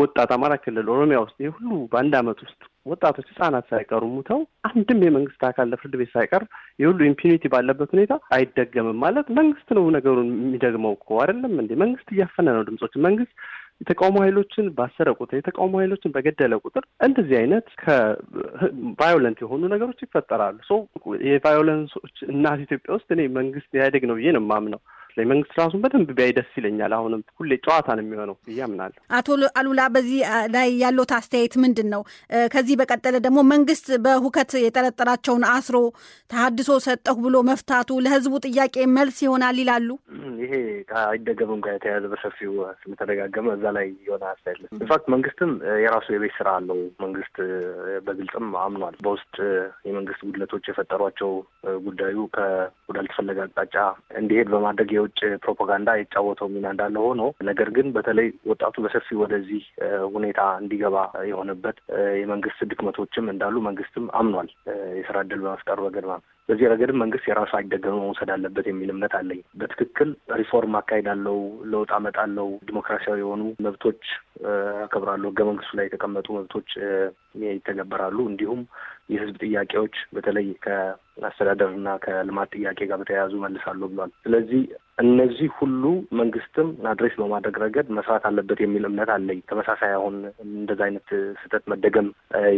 ወጣት አማራ ክልል ኦሮሚያ ውስጥ ይህ ሁሉ በአንድ አመት ውስጥ ወጣቶች ህጻናት ሳይቀሩ ሙተው አንድም የመንግስት አካል ለፍርድ ቤት ሳይቀር የሁሉ ኢምፒኒቲ ባለበት ሁኔታ አይደገምም ማለት መንግስት ነው ነገሩን የሚደግመው እኮ አይደለም እንዴ? መንግስት እያፈነ ነው ድምጾች መንግስት የተቃውሞ ኃይሎችን ባሰረ ቁጥር፣ የተቃውሞ ኃይሎችን በገደለ ቁጥር እንደዚህ አይነት ከቫዮለንት የሆኑ ነገሮች ይፈጠራሉ። ሶ የቫዮለንሶች እናት ኢትዮጵያ ውስጥ እኔ መንግስት ኢህአዴግ ነው ብዬ ነው የማምነው። ላይ መንግስት ራሱን በደንብ ቢያይ ደስ ይለኛል። አሁንም ሁሌ ጨዋታ ነው የሚሆነው ብዬ አምናለሁ። አቶ አሉላ በዚህ ላይ ያለት አስተያየት ምንድን ነው? ከዚህ በቀጠለ ደግሞ መንግስት በሁከት የጠረጠራቸውን አስሮ ተሀድሶ ሰጠሁ ብሎ መፍታቱ ለህዝቡ ጥያቄ መልስ ይሆናል ይላሉ። ይሄ አይደገምም ጋር የተያያዘ በሰፊው ስለተደጋገመ እዛ ላይ የሆነ አስተያየት ኢንፋክት መንግስትም የራሱ የቤት ስራ አለው። መንግስት በግልጽም አምኗል። በውስጥ የመንግስት ጉድለቶች የፈጠሯቸው ጉዳዩ ከወዳልተፈለገ አቅጣጫ እንዲሄድ በማድረግ የውጭ ፕሮፓጋንዳ የተጫወተው ሚና እንዳለ ሆኖ ነገር ግን በተለይ ወጣቱ በሰፊ ወደዚህ ሁኔታ እንዲገባ የሆነበት የመንግስት ድክመቶችም እንዳሉ መንግስትም አምኗል። የስራ እድል በመፍጠሩ ረገድ ማለት በዚህ ረገድም መንግስት የራሱ አይደገመ መውሰድ አለበት የሚል እምነት አለኝ። በትክክል ሪፎርም አካሄዳለው፣ ለውጥ አመጣለው፣ ዲሞክራሲያዊ የሆኑ መብቶች አከብራለሁ፣ ህገ መንግስቱ ላይ የተቀመጡ መብቶች ይተገበራሉ፣ እንዲሁም የህዝብ ጥያቄዎች በተለይ ከአስተዳደርና ከልማት ጥያቄ ጋር በተያያዙ መልሳሉ ብሏል። ስለዚህ እነዚህ ሁሉ መንግስትም አድሬስ በማድረግ ረገድ መስራት አለበት የሚል እምነት አለኝ። ተመሳሳይ አሁን እንደዚ አይነት ስህተት መደገም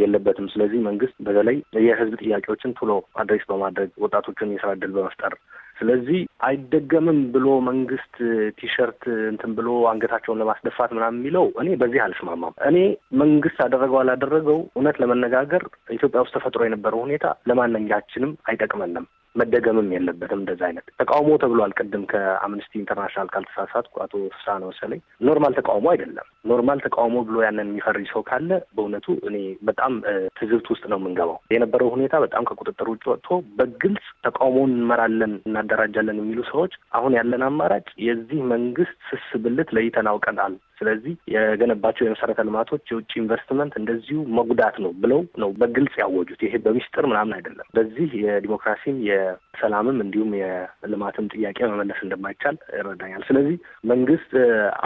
የለበትም። ስለዚህ መንግስት በተለይ የህዝብ ጥያቄዎችን ቶሎ አድሬስ በማድረግ ወጣቶችን የስራ እድል በመፍጠር ስለዚህ አይደገምም ብሎ መንግስት ቲሸርት እንትን ብሎ አንገታቸውን ለማስደፋት ምናምን የሚለው እኔ በዚህ አልስማማም። እኔ መንግስት አደረገው አላደረገው እውነት ለመነጋገር ኢትዮጵያ ውስጥ ተፈጥሮ የነበረው ሁኔታ ለማንኛችንም አይጠቅመንም። መደገምም የለበትም። እንደዛ አይነት ተቃውሞ ተብሏል። ቅድም ከአምነስቲ ኢንተርናሽናል ካልተሳሳትኩ አቶ ፍስሐ ነው መሰለኝ። ኖርማል ተቃውሞ አይደለም። ኖርማል ተቃውሞ ብሎ ያንን የሚፈርጅ ሰው ካለ በእውነቱ እኔ በጣም ትዝብት ውስጥ ነው የምንገባው። የነበረው ሁኔታ በጣም ከቁጥጥር ውጭ ወጥቶ በግልጽ ተቃውሞውን እንመራለን፣ እናደራጃለን የሚሉ ሰዎች አሁን ያለን አማራጭ የዚህ መንግስት ስስ ብልት ለይተን አውቀናል ስለዚህ የገነባቸው የመሰረተ ልማቶች የውጭ ኢንቨስትመንት እንደዚሁ መጉዳት ነው ብለው ነው በግልጽ ያወጁት። ይሄ በሚስጥር ምናምን አይደለም። በዚህ የዲሞክራሲም የሰላምም እንዲሁም የልማትም ጥያቄ መመለስ እንደማይቻል ይረዳኛል። ስለዚህ መንግስት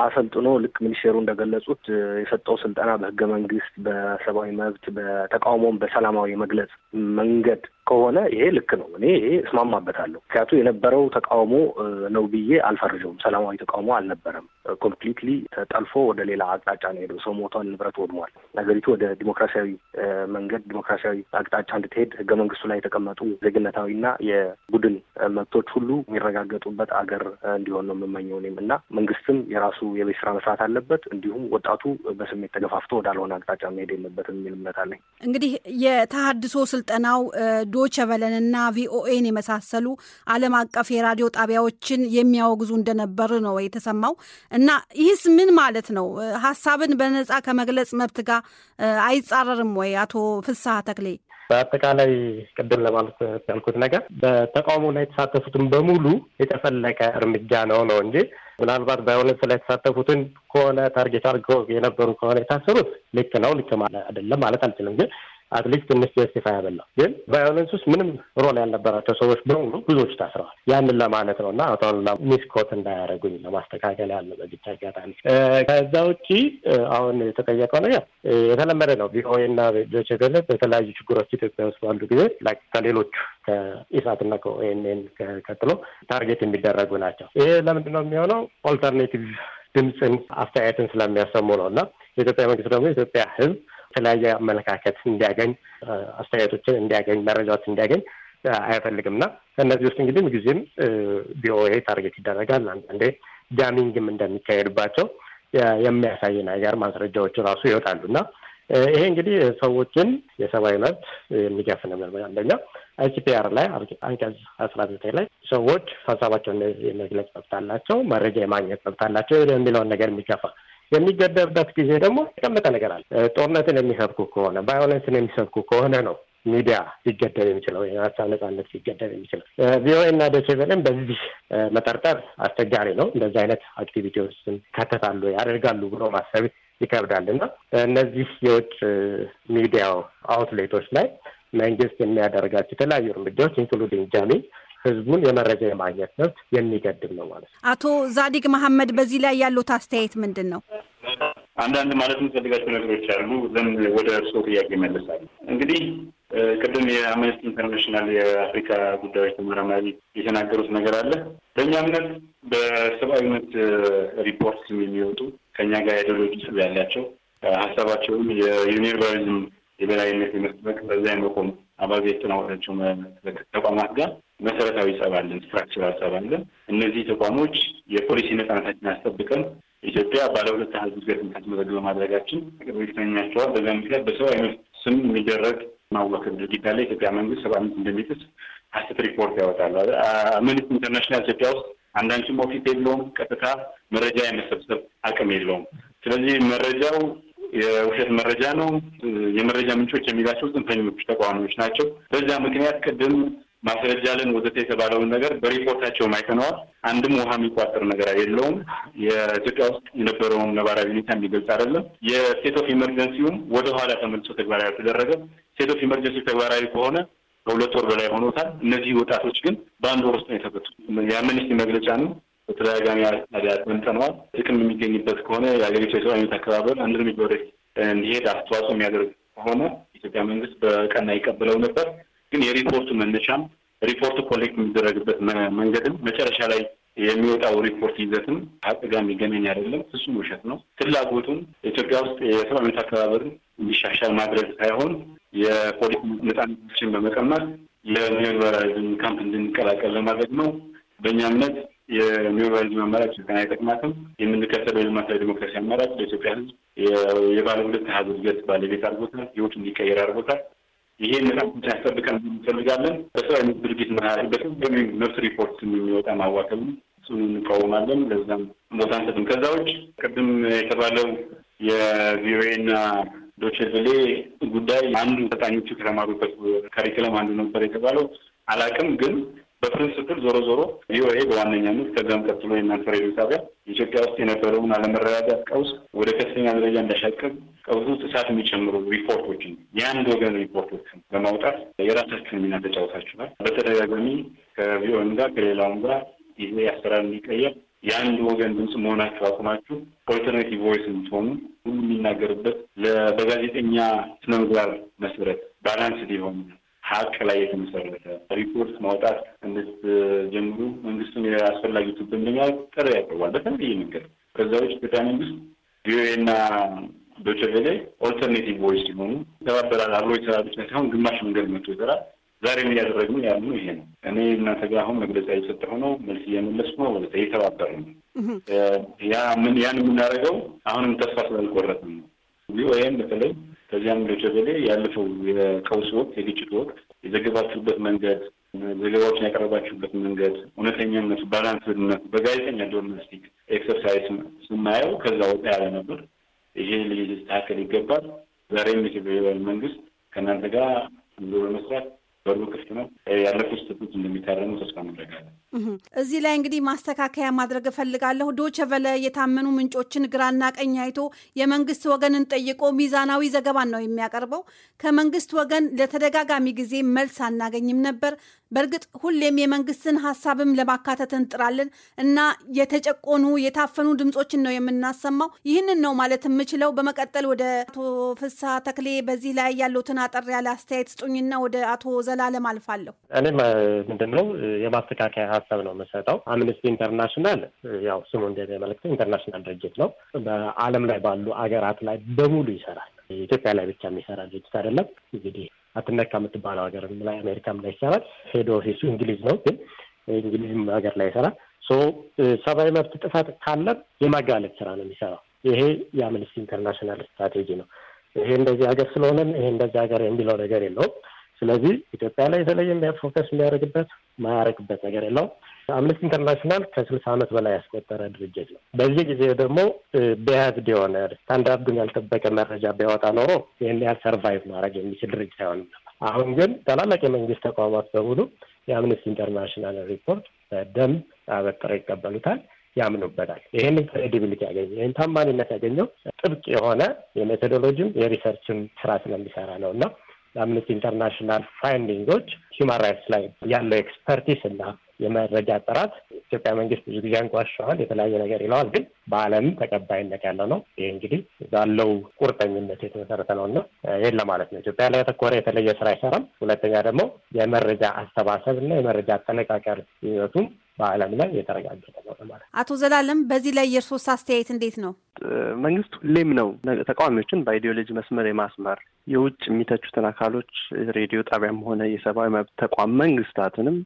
አሰልጥኖ ልክ ሚኒስቴሩ እንደገለጹት የሰጠው ስልጠና በህገ መንግስት፣ በሰብአዊ መብት፣ በተቃውሞም በሰላማዊ መግለጽ መንገድ ከሆነ ይሄ ልክ ነው። እኔ ይሄ እስማማበታለሁ። ምክንያቱ የነበረው ተቃውሞ ነው ብዬ አልፈርጀውም። ሰላማዊ ተቃውሞ አልነበረም። ኮምፕሊትሊ ተጠልፎ ወደ ሌላ አቅጣጫ ነው ሄደው። ሰው ሞቷል፣ ንብረት ወድሟል። ሀገሪቱ ወደ ዲሞክራሲያዊ መንገድ ዲሞክራሲያዊ አቅጣጫ እንድትሄድ ህገ መንግስቱ ላይ የተቀመጡ ዜግነታዊና የቡድን መብቶች ሁሉ የሚረጋገጡበት አገር እንዲሆን ነው የምመኘው እኔም እና መንግስትም የራሱ የቤት ስራ መስራት አለበት። እንዲሁም ወጣቱ በስሜት ተገፋፍቶ ወዳልሆነ አቅጣጫ መሄድ የለበትም የሚል እምነት አለኝ። እንግዲህ የተሀድሶ ስልጠናው ዶቸቨለንና ቪኦኤን የመሳሰሉ ዓለም አቀፍ የራዲዮ ጣቢያዎችን የሚያወግዙ እንደነበር ነው የተሰማው። እና ይህስ ምን ማለት ነው? ሀሳብን በነጻ ከመግለጽ መብት ጋር አይጻረርም ወይ? አቶ ፍስሐ ተክሌ። በአጠቃላይ ቅድም ለማለት ያልኩት ነገር በተቃውሞ ላይ የተሳተፉትን በሙሉ የተፈለቀ እርምጃ ነው ነው እንጂ ምናልባት በእውነት ላይ የተሳተፉትን ከሆነ ታርጌት አድርገው የነበሩ ከሆነ የታሰሩት ልክ ነው ልክ አይደለም ማለት አልችልም ግን አትሊስት ትንሽ ጀስቲፋይ ያበላው ግን ቫዮለንስ ውስጥ ምንም ሮል ያልነበራቸው ሰዎች በሙሉ ብዙዎች ታስረዋል። ያንን ለማለት ነው እና አቶ አሉላ ሚስኮት እንዳያደርጉኝ ለማስተካከል ያለ በዚች አጋጣሚ። ከዛ ውጪ አሁን የተጠየቀው ነገር የተለመደ ነው። ቪኦኤ እና ዶይቼ ቬለ በተለያዩ ችግሮች ኢትዮጵያ ውስጥ ባሉ ጊዜ ከሌሎቹ ከኢሳትና ከኦኤንኤን ቀጥሎ ታርጌት የሚደረጉ ናቸው። ይሄ ለምንድን ነው የሚሆነው? ኦልተርኔቲቭ ድምፅን አስተያየትን ስለሚያሰሙ ነው እና የኢትዮጵያ መንግስት ደግሞ የኢትዮጵያ ህዝብ የተለያየ አመለካከት እንዲያገኝ፣ አስተያየቶችን እንዲያገኝ፣ መረጃዎች እንዲያገኝ አይፈልግም እና ከእነዚህ ውስጥ እንግዲህ ጊዜም ቪኦኤ ታርጌት ይደረጋል። አንዳንዴ ጃሚንግም እንደሚካሄድባቸው የሚያሳይ ነገር ማስረጃዎች ራሱ ይወጣሉ እና ይሄ እንግዲህ ሰዎችን የሰብአዊ መብት የሚገፍን ምርመራ አንደኛ አይሲፒአር ላይ አንቀጽ አስራ ዘጠኝ ላይ ሰዎች ሀሳባቸውን የመግለጽ መብት አላቸው፣ መረጃ የማግኘት መብት አላቸው የሚለውን ነገር የሚገፋ የሚገደብበት ጊዜ ደግሞ የቀመጠ ነገር አለ። ጦርነትን የሚሰብኩ ከሆነ ቫዮለንስን የሚሰብኩ ከሆነ ነው ሚዲያ ሊገደብ የሚችለው የሀሳብ ነጻነት ሊገደብ የሚችለው ቪኦኤ እና ዶችቬለን በዚህ መጠርጠር አስቸጋሪ ነው። እንደዚህ አይነት አክቲቪቲዎችን ይካተታሉ ያደርጋሉ ብሎ ማሰብ ይከብዳል እና እነዚህ የውጭ ሚዲያ አውትሌቶች ላይ መንግስት የሚያደርጋቸው የተለያዩ እርምጃዎች ኢንክሉዲንግ ጃሚን ህዝቡን የመረጃ የማግኘት መብት የሚገድብ ነው ማለት ነው። አቶ ዛዲግ መሐመድ በዚህ ላይ ያሉት አስተያየት ምንድን ነው? አንዳንድ ማለት የምፈልጋቸው ነገሮች አሉ። ዘን ወደ እርስዎ ጥያቄ መለሳሉ። እንግዲህ ቅድም የአምነስቲ ኢንተርናሽናል የአፍሪካ ጉዳዮች ተመራማሪ የተናገሩት ነገር አለ። በእኛ እምነት በሰብአዊ መብት ሪፖርት የሚወጡ ከእኛ ጋር አይዲዮሎጂ ስብ ያላቸው ሀሳባቸውም የዩኒቨርሊዝም የበላይነት የመስበክ በዛ የመቆም አባቤትና ወዳቸው ተቋማት ጋር መሰረታዊ ጸብ አለን፣ ስትራክቸራል ጸብ እነዚህ ተቋሞች የፖሊሲ ነጻነታችን አስጠብቀን ኢትዮጵያ ባለ ሁለት አሃዝ እድገት ታስመዘግበ ማድረጋችን ቅርቤትተኛቸዋል። በዛ ምክንያት በሰው አይነት ስም የሚደረግ ማዋከብ ድርጊት አለ። ኢትዮጵያ መንግስት ሰብአዊ መብት እንደሚጥስ ሀሰት ሪፖርት ያወጣሉ። አምነስቲ ኢንተርናሽናል ኢትዮጵያ ውስጥ አንዳንችም ኦፊስ የለውም፣ ቀጥታ መረጃ የመሰብሰብ አቅም የለውም። ስለዚህ መረጃው የውሸት መረጃ ነው፣ የመረጃ ምንጮች የሚላቸው ጽንፈኞች ተቃዋሚዎች ናቸው። በዚያ ምክንያት ቅድም ማስረጃ ወዘተ የተባለውን ነገር በሪፖርታቸውም አይተነዋል። አንድም ውሃ የሚቋጠር ነገር የለውም። የኢትዮጵያ ውስጥ የነበረውን ነባራዊ ሁኔታ የሚገልጽ አይደለም። የስቴት ኦፍ ኢመርጀንሲውም ወደኋላ ተመልሶ ተግባራዊ ያልተደረገ ስቴት ኦፍ ኢመርጀንሲ ተግባራዊ ከሆነ ከሁለት ወር በላይ ሆኖታል። እነዚህ ወጣቶች ግን በአንድ ወር ውስጥ ነው የተፈቱ። የአምነስቲ መግለጫ ነው። በተደጋጋሚ ያጠንተነዋል። ጥቅም የሚገኝበት ከሆነ የሀገሪቱ የሰብአዊ መብት አከባበር አንድ እርምጃ ወደፊት እንዲሄድ አስተዋጽኦ የሚያደርግ ከሆነ ኢትዮጵያ መንግስት በቀና ይቀበለው ነበር። ግን የሪፖርቱ መነሻም ሪፖርቱ ኮሌክት የሚደረግበት መንገድም መጨረሻ ላይ የሚወጣው ሪፖርት ይዘትም ሀቅ ጋር የሚገናኝ አይደለም። ፍጹም ውሸት ነው። ፍላጎቱም ኢትዮጵያ ውስጥ የሰብአዊ መብት አከባበርን እንዲሻሻል ማድረግ ሳይሆን የፖሊስ ነጻነቶችን በመቀመር የኒዮሊበራሊዝም ካምፕ እንድንቀላቀል ለማድረግ ነው። በእኛ እምነት የኒዮራሊዝም አማራጭ ስልጠና አይጠቅማትም። የምንከተለው የልማታዊ ዲሞክራሲ አማራጭ ለኢትዮጵያ ሕዝብ የባለ ሁለት አሃዝ እድገት ባለቤት አድርጎታል። ህይወት እንዲቀየር አድርጎታል። ይሄ በጣም ያስጠብቀን እንፈልጋለን። በሰብአዊ መብት ድርጊት መሀል በሰብአዊ መብት ሪፖርት የሚወጣ ማዋከብ እሱን እንቃወማለን። ለዛም ቦታ አንሰጥም። ከዛዎች ቅድም የተባለው የቪኦኤና ዶቼ ቬሌ ጉዳይ አንዱ ተጣኞቹ ከተማሩበት ከሪክለም አንዱ ነበር የተባለው አላቅም ግን በፕሪንስፕል ዞሮ ዞሮ ቪኦኤ በዋነኛነት ከዛም ቀጥሎ የእናንተ ሬዲዮ ጣቢያ ኢትዮጵያ ውስጥ የነበረውን አለመረጋጋት ቀውስ ወደ ከፍተኛ ደረጃ እንዳሻቅብ ቀውሱ እሳት የሚጨምሩ ሪፖርቶችን የአንድ ወገን ሪፖርቶችን በማውጣት የራሳችሁን ሚና ተጫውታችኋል። በተደጋጋሚ ከቪኦኤም ጋር ከሌላውም ጋር ይሄ አሰራር እንዲቀየር የአንድ ወገን ድምፅ መሆናችሁ አቁማችሁ ኦልተርኔቲቭ ቮይስ እንድትሆኑ ሁሉ የሚናገርበት በጋዜጠኛ ስነምግባር መሰረት ባላንስ ሊሆን ሀቅ ላይ የተመሰረተ ሪፖርት ማውጣት እንድትጀምሩ መንግስትም አስፈላጊ ትብብ እንደሚያደርግ ጥሪ ያቀርባል። በተለየ መንገድ ከዛ ውጭ ኢትዮጵያ መንግስት ቪኦኤና ዶቼ ቬለ ኦልተርኔቲቭ ቮይስ ሲሆኑ ይተባበራል። አብሮ ይሰራ ብቻ ሳይሆን ግማሽ መንገድ መቶ ይሰራል። ዛሬም እያደረግን ያሉ ይሄ ነው። እኔ እናንተ ጋር አሁን መግለጫ እየሰጠሁ ነው፣ መልስ እየመለስኩ ነው። ወደ እየተባበር ነው። ያ ምን ያን የምናደርገው አሁንም ተስፋ ስላልቆረጥን ነው። ቪኦኤም በተለይ ከዚያም ዶቸቬሌ ያለፈው የቀውስ ወቅት የግጭት ወቅት የዘገባችሁበት መንገድ ዘገባዎችን ያቀረባችሁበት መንገድ እውነተኛነቱ፣ ባላንስነቱ በጋዜጠኛ ጆርናሊስቲክ ኤክሰርሳይዝ ስናየው ከዛ ወጣ ያለ ነበር። ይሄ ልጅ ሊስተካከል ይገባል። ዛሬም የኢትዮጵያ መንግስት ከእናንተ ጋር እንዶ በመስራት በሩ ክፍት ነው። ያለፉት ስህተቶች እንደሚታረሙ ተስፋ እናደርጋለን። እዚህ ላይ እንግዲህ ማስተካከያ ማድረግ እፈልጋለሁ። ዶቸቨለ የታመኑ ምንጮችን ግራና ቀኝ አይቶ የመንግስት ወገንን ጠይቆ ሚዛናዊ ዘገባን ነው የሚያቀርበው። ከመንግስት ወገን ለተደጋጋሚ ጊዜ መልስ አናገኝም ነበር። በእርግጥ ሁሌም የመንግስትን ሀሳብም ለማካተት እንጥራለን እና የተጨቆኑ የታፈኑ ድምፆችን ነው የምናሰማው። ይህንን ነው ማለት የምችለው። በመቀጠል ወደ አቶ ፍስሐ ተክሌ በዚህ ላይ ያሉትን አጠር ያለ አስተያየት ስጡኝና ወደ አቶ ዘላለም አልፋለሁ። እኔም ምንድነው የማስተካከያ ሀሳብ ነው የምሰጠው። አምነስቲ ኢንተርናሽናል ያው ስሙ እንደሚያመለክተው ኢንተርናሽናል ድርጅት ነው። በዓለም ላይ ባሉ አገራት ላይ በሙሉ ይሰራል። ኢትዮጵያ ላይ ብቻ የሚሰራ ድርጅት አይደለም። እንግዲህ አትነካ የምትባለው ሀገር ላይ አሜሪካም ላይ ይሰራል። ሄድ ኦፊሱ እንግሊዝ ነው፣ ግን እንግሊዝም ሀገር ላይ ይሰራል። ሶ ሰብአዊ መብት ጥፋት ካለ የማጋለጥ ስራ ነው የሚሰራው። ይሄ የአምነስቲ ኢንተርናሽናል ስትራቴጂ ነው። ይሄ እንደዚህ ሀገር ስለሆነ ይሄ እንደዚህ ሀገር የሚለው ነገር የለውም። ስለዚህ ኢትዮጵያ ላይ የተለየ ፎከስ የሚያደርግበት ማያደርግበት ነገር የለው። አምነስቲ ኢንተርናሽናል ከስልሳ ዓመት በላይ ያስቆጠረ ድርጅት ነው። በዚህ ጊዜ ደግሞ ቢያዝድ የሆነ ስታንዳርዱን ያልጠበቀ መረጃ ቢያወጣ ኖሮ ይህን ያህል ሰርቫይቭ ማድረግ የሚችል ድርጅት አይሆንም። አሁን ግን ታላላቅ የመንግስት ተቋማት በሙሉ የአምነስቲ ኢንተርናሽናል ሪፖርት በደንብ አበጥረው ይቀበሉታል፣ ያምኑበታል። ይህን ክሬዲቢሊቲ ያገኘ ይህን ታማኒነት ያገኘው ጥብቅ የሆነ የሜቶዶሎጂም የሪሰርችም ስራ ስለሚሰራ ነው እና የአምነስቲ ኢንተርናሽናል ፋይንዲንጎች ሂውማን ራይትስ ላይ ያለው ኤክስፐርቲስ እና የመረጃ ጥራት ኢትዮጵያ መንግስት ብዙ ጊዜ አንቋሸዋል፣ የተለያየ ነገር ይለዋል። ግን በዓለም ተቀባይነት ያለው ነው። ይህ እንግዲህ ባለው ቁርጠኝነት የተመሰረተ ነው እና ይህን ለማለት ነው። ኢትዮጵያ ላይ ያተኮረ የተለየ ስራ አይሰራም። ሁለተኛ ደግሞ የመረጃ አሰባሰብ እና የመረጃ አጠነቃቀር ይዘቱም በዓለም ላይ የተረጋገጠ ማለት አቶ ዘላለም በዚህ ላይ የእርሶስ አስተያየት እንዴት ነው? መንግስት ሁሌም ነው ተቃዋሚዎችን በአይዲዮሎጂ መስመር የማስመር የውጭ የሚተቹትን አካሎች ሬዲዮ ጣቢያም ሆነ የሰብአዊ መብት ተቋም መንግስታትንም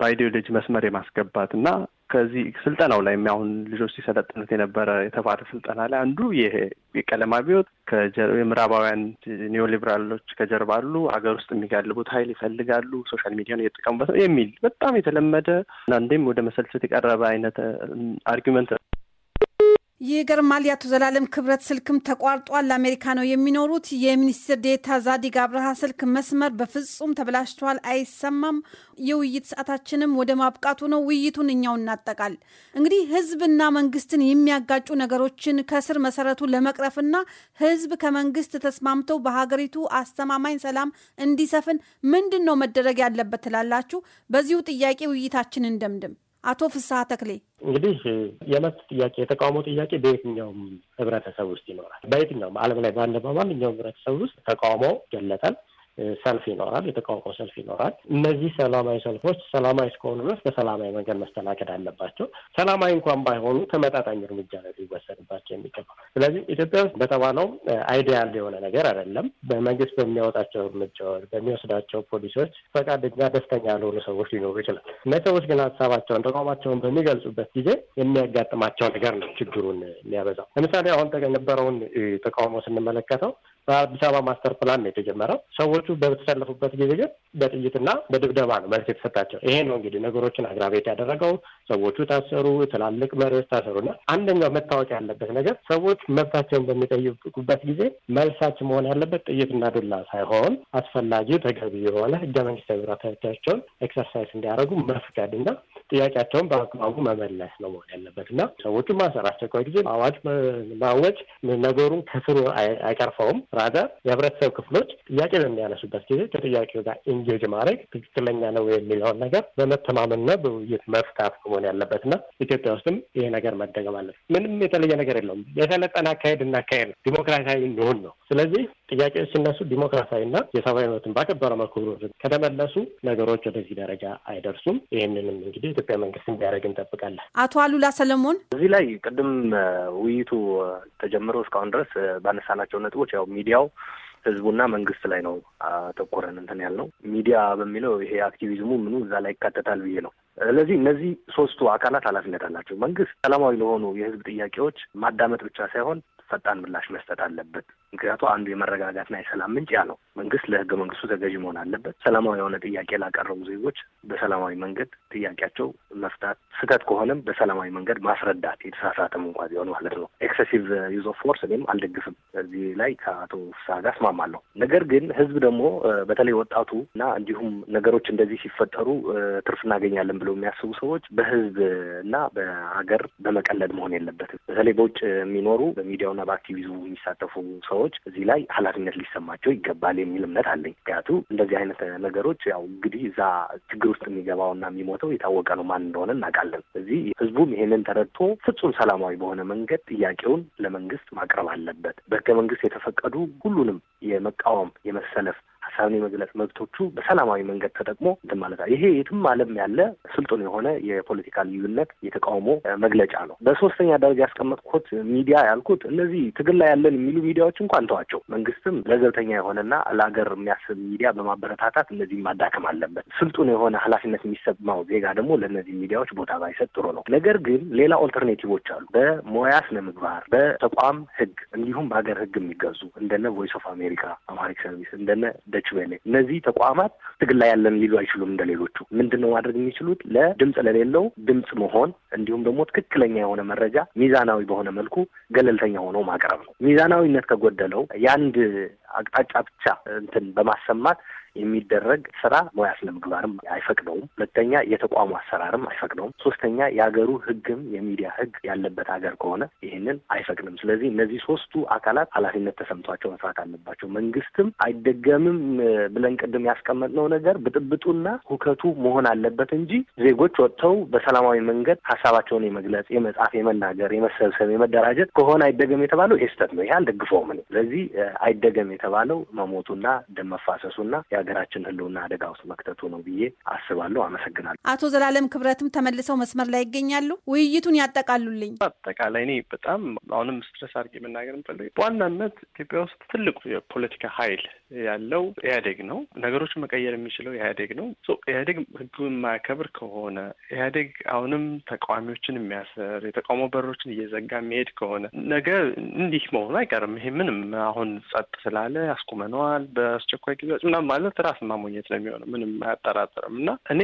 በአይዲዮሎጂ መስመር የማስገባት እና ከዚህ ስልጠናው ላይ አሁን ልጆች ሲሰለጥኑት የነበረ የተባለ ስልጠና ላይ አንዱ ይሄ የቀለም አብዮት የምዕራባውያን ኒዮሊብራሎች ከጀርባ አሉ፣ ሀገር ውስጥ የሚጋልቡት ኃይል ይፈልጋሉ፣ ሶሻል ሚዲያን እየጠቀሙበት ነው የሚል በጣም የተለመደ አንዳንዴም ወደ መሰልሰት የቀረበ አይነት አርጊመንት ይገርማል። የአቶ ዘላለም ክብረት ስልክም ተቋርጧል። አሜሪካ ነው የሚኖሩት። የሚኒስትር ዴታ ዛዲግ አብርሃ ስልክ መስመር በፍጹም ተበላሽቷል፣ አይሰማም። የውይይት ሰዓታችንም ወደ ማብቃቱ ነው። ውይይቱን እኛው እናጠቃል። እንግዲህ ህዝብና መንግስትን የሚያጋጩ ነገሮችን ከስር መሰረቱ ለመቅረፍና ህዝብ ከመንግስት ተስማምተው በሀገሪቱ አስተማማኝ ሰላም እንዲሰፍን ምንድን ነው መደረግ ያለበት ትላላችሁ? በዚሁ ጥያቄ ውይይታችን እንደምድም። አቶ ፍስሐ ተክሌ እንግዲህ የመብት ጥያቄ የተቃውሞ ጥያቄ በየትኛውም ህብረተሰብ ውስጥ ይኖራል። በየትኛውም ዓለም ላይ ባለ በማንኛውም ህብረተሰብ ውስጥ ተቃውሞ ይገለጣል። ሰልፍ ይኖራል፣ የተቃውሞ ሰልፍ ይኖራል። እነዚህ ሰላማዊ ሰልፎች ሰላማዊ እስከሆኑ ድረስ በሰላማዊ መንገድ መስተናገድ አለባቸው። ሰላማዊ እንኳን ባይሆኑ ተመጣጣኝ እርምጃ ነው ሊወሰድባቸው የሚገባው። ስለዚህ ኢትዮጵያ ውስጥ በተባለው አይዲያል የሆነ ነገር አይደለም። በመንግስት በሚያወጣቸው እርምጃዎች፣ በሚወስዳቸው ፖሊሲዎች ፈቃደኛ ደስተኛ ያልሆኑ ሰዎች ሊኖሩ ይችላል። እነዚህ ሰዎች ግን ሀሳባቸውን፣ ተቃውሟቸውን በሚገልጹበት ጊዜ የሚያጋጥማቸው ነገር ነው ችግሩን የሚያበዛው። ለምሳሌ አሁን የነበረውን ተቃውሞ ስንመለከተው በአዲስ አበባ ማስተር ፕላን ነው የተጀመረው። ሰዎቹ በተሰለፉበት ጊዜ ግን በጥይትና በድብደባ ነው መልስ የተሰጣቸው። ይሄ ነው እንግዲህ ነገሮችን አግራቤት ያደረገው። ሰዎቹ ታሰሩ፣ ትላልቅ መሪዎች ታሰሩና አንደኛው መታወቅ ያለበት ነገር ሰዎች መብታቸውን በሚጠይቁበት ጊዜ መልሳችን መሆን ያለበት ጥይትና ዱላ ሳይሆን አስፈላጊ ተገቢ የሆነ ህገ መንግስታዊ መብታቸውን ኤክሰርሳይዝ እንዲያደርጉ መፍቀድ እና ጥያቄያቸውን በአግባቡ መመለስ ነው መሆን ያለበት እና ሰዎቹ ማሰራቸው ጊዜ አዋጅ ማወጅ ነገሩን ከስሩ አይቀርፈውም። ራዘር የህብረተሰብ ክፍሎች ጥያቄ በሚያነሱበት ጊዜ ከጥያቄው ጋር ኢንጌጅ ማድረግ ትክክለኛ ነው የሚለውን ነገር በመተማመንና በውይይት መፍታት መሆን ያለበትና ኢትዮጵያ ውስጥም ይሄ ነገር መደገም አለ። ምንም የተለየ ነገር የለውም። የሰለጠነ አካሄድ እናካሄድ ነው። ዲሞክራሲያዊ እንሆን ነው። ስለዚህ ጥያቄዎች ሲነሱ ዲሞክራሲያዊና የሰብአዊ መብትን ባከበረ መልኩ ከተመለሱ ነገሮች ወደዚህ ደረጃ አይደርሱም። ይህንንም እንግዲህ ኢትዮጵያ መንግስት እንዲያደርግ እንጠብቃለን። አቶ አሉላ ሰለሞን፣ እዚህ ላይ ቅድም ውይይቱ ተጀምሮ እስካሁን ድረስ ባነሳናቸው ነጥቦች ያው ሚዲያው ህዝቡና መንግስት ላይ ነው አተኮረን እንትን ያልነው። ሚዲያ በሚለው ይሄ አክቲቪዝሙ ምኑ እዛ ላይ ይካተታል ብዬ ነው። ስለዚህ እነዚህ ሶስቱ አካላት ኃላፊነት አላቸው። መንግስት ሰላማዊ ለሆኑ የህዝብ ጥያቄዎች ማዳመጥ ብቻ ሳይሆን ፈጣን ምላሽ መስጠት አለበት። ምክንያቱ አንዱ የመረጋጋትና የሰላም ምንጭ ያ ነው። መንግስት ለህገ መንግስቱ ተገዥ መሆን አለበት። ሰላማዊ የሆነ ጥያቄ ላቀረቡ ዜጎች በሰላማዊ መንገድ ጥያቄያቸው መፍታት፣ ስህተት ከሆነም በሰላማዊ መንገድ ማስረዳት፣ የተሳሳተም እንኳን ቢሆን ማለት ነው። ኤክሴሲቭ ዩዝ ኦፍ ፎርስ እኔም አልደግፍም። እዚህ ላይ ከአቶ ፍስሐ ጋር እስማማለሁ። ነገር ግን ህዝብ ደግሞ በተለይ ወጣቱ እና እንዲሁም ነገሮች እንደዚህ ሲፈጠሩ ትርፍ እናገኛለን ብለው የሚያስቡ ሰዎች በህዝብ እና በሀገር በመቀለድ መሆን የለበትም። በተለይ በውጭ የሚኖሩ በሚዲያው ሆነ በአክቲቪዝሙ የሚሳተፉ ሰዎች እዚህ ላይ ኃላፊነት ሊሰማቸው ይገባል የሚል እምነት አለኝ። ምክንያቱ እንደዚህ አይነት ነገሮች ያው እንግዲህ እዛ ችግር ውስጥ የሚገባውና የሚሞተው የታወቀ ነው፣ ማን እንደሆነ እናውቃለን። እዚህ ህዝቡም ይሄንን ተረድቶ ፍጹም ሰላማዊ በሆነ መንገድ ጥያቄውን ለመንግስት ማቅረብ አለበት። በህገ መንግስት የተፈቀዱ ሁሉንም የመቃወም የመሰለፍ ሀሳብን የመግለጽ መብቶቹ በሰላማዊ መንገድ ተጠቅሞ እንትን ማለት ይሄ የትም ዓለም ያለ ስልጡን የሆነ የፖለቲካ ልዩነት የተቃውሞ መግለጫ ነው። በሶስተኛ ደረጃ ያስቀመጥኩት ሚዲያ ያልኩት እነዚህ ትግል ላይ ያለን የሚሉ ሚዲያዎች እንኳን ተዋቸው፣ መንግስትም ለዘብተኛ የሆነና ለሀገር የሚያስብ ሚዲያ በማበረታታት እነዚህ ማዳከም አለበት። ስልጡን የሆነ ኃላፊነት የሚሰማው ዜጋ ደግሞ ለእነዚህ ሚዲያዎች ቦታ ባይሰጥ ጥሩ ነው። ነገር ግን ሌላ ኦልተርኔቲቮች አሉ። በሙያ ስነ ምግባር፣ በተቋም ህግ እንዲሁም በሀገር ህግ የሚገዙ እንደነ ቮይስ ኦፍ አሜሪካ አማሪክ ሰርቪስ፣ እንደነ ዶችቬሌ እነዚህ ተቋማት ትግል ላይ ያለን ሊሉ አይችሉም። እንደሌሎቹ ምንድን ነው ማድረግ የሚችሉት? ለድምፅ ለሌለው ድምፅ መሆን እንዲሁም ደግሞ ትክክለኛ የሆነ መረጃ ሚዛናዊ በሆነ መልኩ ገለልተኛ ሆኖ ማቅረብ ነው። ሚዛናዊነት ከጎደለው የአንድ አቅጣጫ ብቻ እንትን በማሰማት የሚደረግ ስራ ሙያ ስነ ምግባርም አይፈቅደውም። ሁለተኛ የተቋሙ አሰራርም አይፈቅደውም። ሶስተኛ የሀገሩ ህግም የሚዲያ ህግ ያለበት ሀገር ከሆነ ይህንን አይፈቅድም። ስለዚህ እነዚህ ሶስቱ አካላት ኃላፊነት ተሰምቷቸው መስራት አለባቸው። መንግስትም አይደገምም ብለን ቅድም ያስቀመጥነው ነገር ብጥብጡና ሁከቱ መሆን አለበት እንጂ ዜጎች ወጥተው በሰላማዊ መንገድ ሀሳባቸውን የመግለጽ የመጻፍ፣ የመናገር፣ የመሰብሰብ፣ የመደራጀት ከሆነ አይደገም የተባለው ይህ ስህተት ነው። ይህ አልደግፈውም ስለዚህ አይደገም የተባለው መሞቱና ደም መፋሰሱና የሀገራችን ህልውና አደጋ ውስጥ መክተቱ ነው ብዬ አስባለሁ። አመሰግናለሁ። አቶ ዘላለም ክብረትም ተመልሰው መስመር ላይ ይገኛሉ። ውይይቱን ያጠቃሉልኝ። አጠቃላይ እኔ በጣም አሁንም ስትረስ አድርጌ መናገር የምፈልገው በዋናነት ኢትዮጵያ ውስጥ ትልቁ የፖለቲካ ኃይል ያለው ኢህአዴግ ነው። ነገሮችን መቀየር የሚችለው ኢህአዴግ ነው። ኢህአዴግ ህጉ የማያከብር ከሆነ ኢህአዴግ አሁንም ተቃዋሚዎችን የሚያስር የተቃውሞ በሮችን እየዘጋ የሚሄድ ከሆነ ነገ እንዲህ መሆኑ አይቀርም። ይሄ ምንም አሁን ጸጥ ስላለ አስቁመነዋል፣ በአስቸኳይ ጊዜ ምናምን ማለት ማለት ራስ ማሞኘት ነው የሚሆነው። ምንም አያጠራጥርም። እና እኔ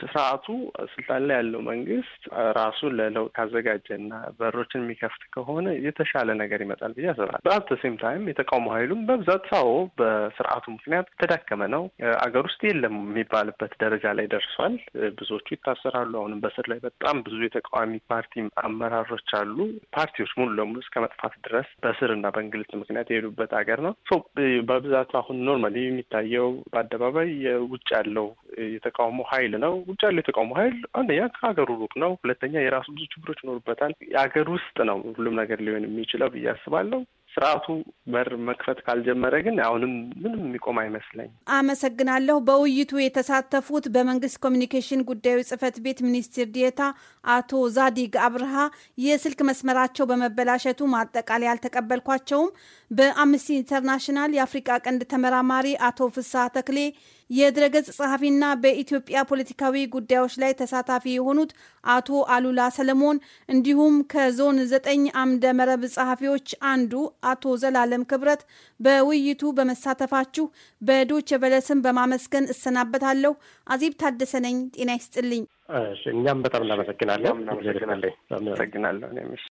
ስርዓቱ ስልጣን ላይ ያለው መንግስት ራሱ ለለውጥ ካዘጋጀና በሮችን የሚከፍት ከሆነ የተሻለ ነገር ይመጣል ብዬ አስባለሁ። በአት ሴም ታይም የተቃውሞ ኃይሉም በብዛት ሳዎ በስርዓቱ ምክንያት የተዳከመ ነው። አገር ውስጥ የለም የሚባልበት ደረጃ ላይ ደርሷል። ብዙዎቹ ይታሰራሉ። አሁንም በስር ላይ በጣም ብዙ የተቃዋሚ ፓርቲ አመራሮች አሉ። ፓርቲዎች ሙሉ ለሙሉ እስከ መጥፋት ድረስ በስር እና በእንግልት ምክንያት የሄዱበት ሀገር ነው። በብዛት አሁን ኖርማሊ የሚታየው በአደባባይ ውጭ ያለው የተቃውሞ ኃይል ነው። ውጭ ያለው የተቃውሞ ኃይል አንደኛ ከሀገሩ ሩቅ ነው፣ ሁለተኛ የራሱ ብዙ ችግሮች ይኖሩበታል። የሀገር ውስጥ ነው ሁሉም ነገር ሊሆን የሚችለው ብዬ አስባለሁ። ስርዓቱ በር መክፈት ካልጀመረ ግን አሁንም ምንም የሚቆም አይመስለኝ። አመሰግናለሁ። በውይይቱ የተሳተፉት በመንግስት ኮሚኒኬሽን ጉዳዩ ጽህፈት ቤት ሚኒስትር ዴኤታ አቶ ዛዲግ አብርሃ የስልክ መስመራቸው በመበላሸቱ ማጠቃለያ አልተቀበልኳቸውም። በአምነስቲ ኢንተርናሽናል የአፍሪቃ ቀንድ ተመራማሪ አቶ ፍስሐ ተክሌ የድረገጽ ጸሐፊና በኢትዮጵያ ፖለቲካዊ ጉዳዮች ላይ ተሳታፊ የሆኑት አቶ አሉላ ሰለሞን እንዲሁም ከዞን ዘጠኝ አምደ መረብ ጸሐፊዎች አንዱ አቶ ዘላለም ክብረት በውይይቱ በመሳተፋችሁ በዶች በለስም በማመስገን እሰናበታለሁ። አዜብ ታደሰ ነኝ። ጤና ይስጥልኝ። እኛም በጣም እናመሰግናለን።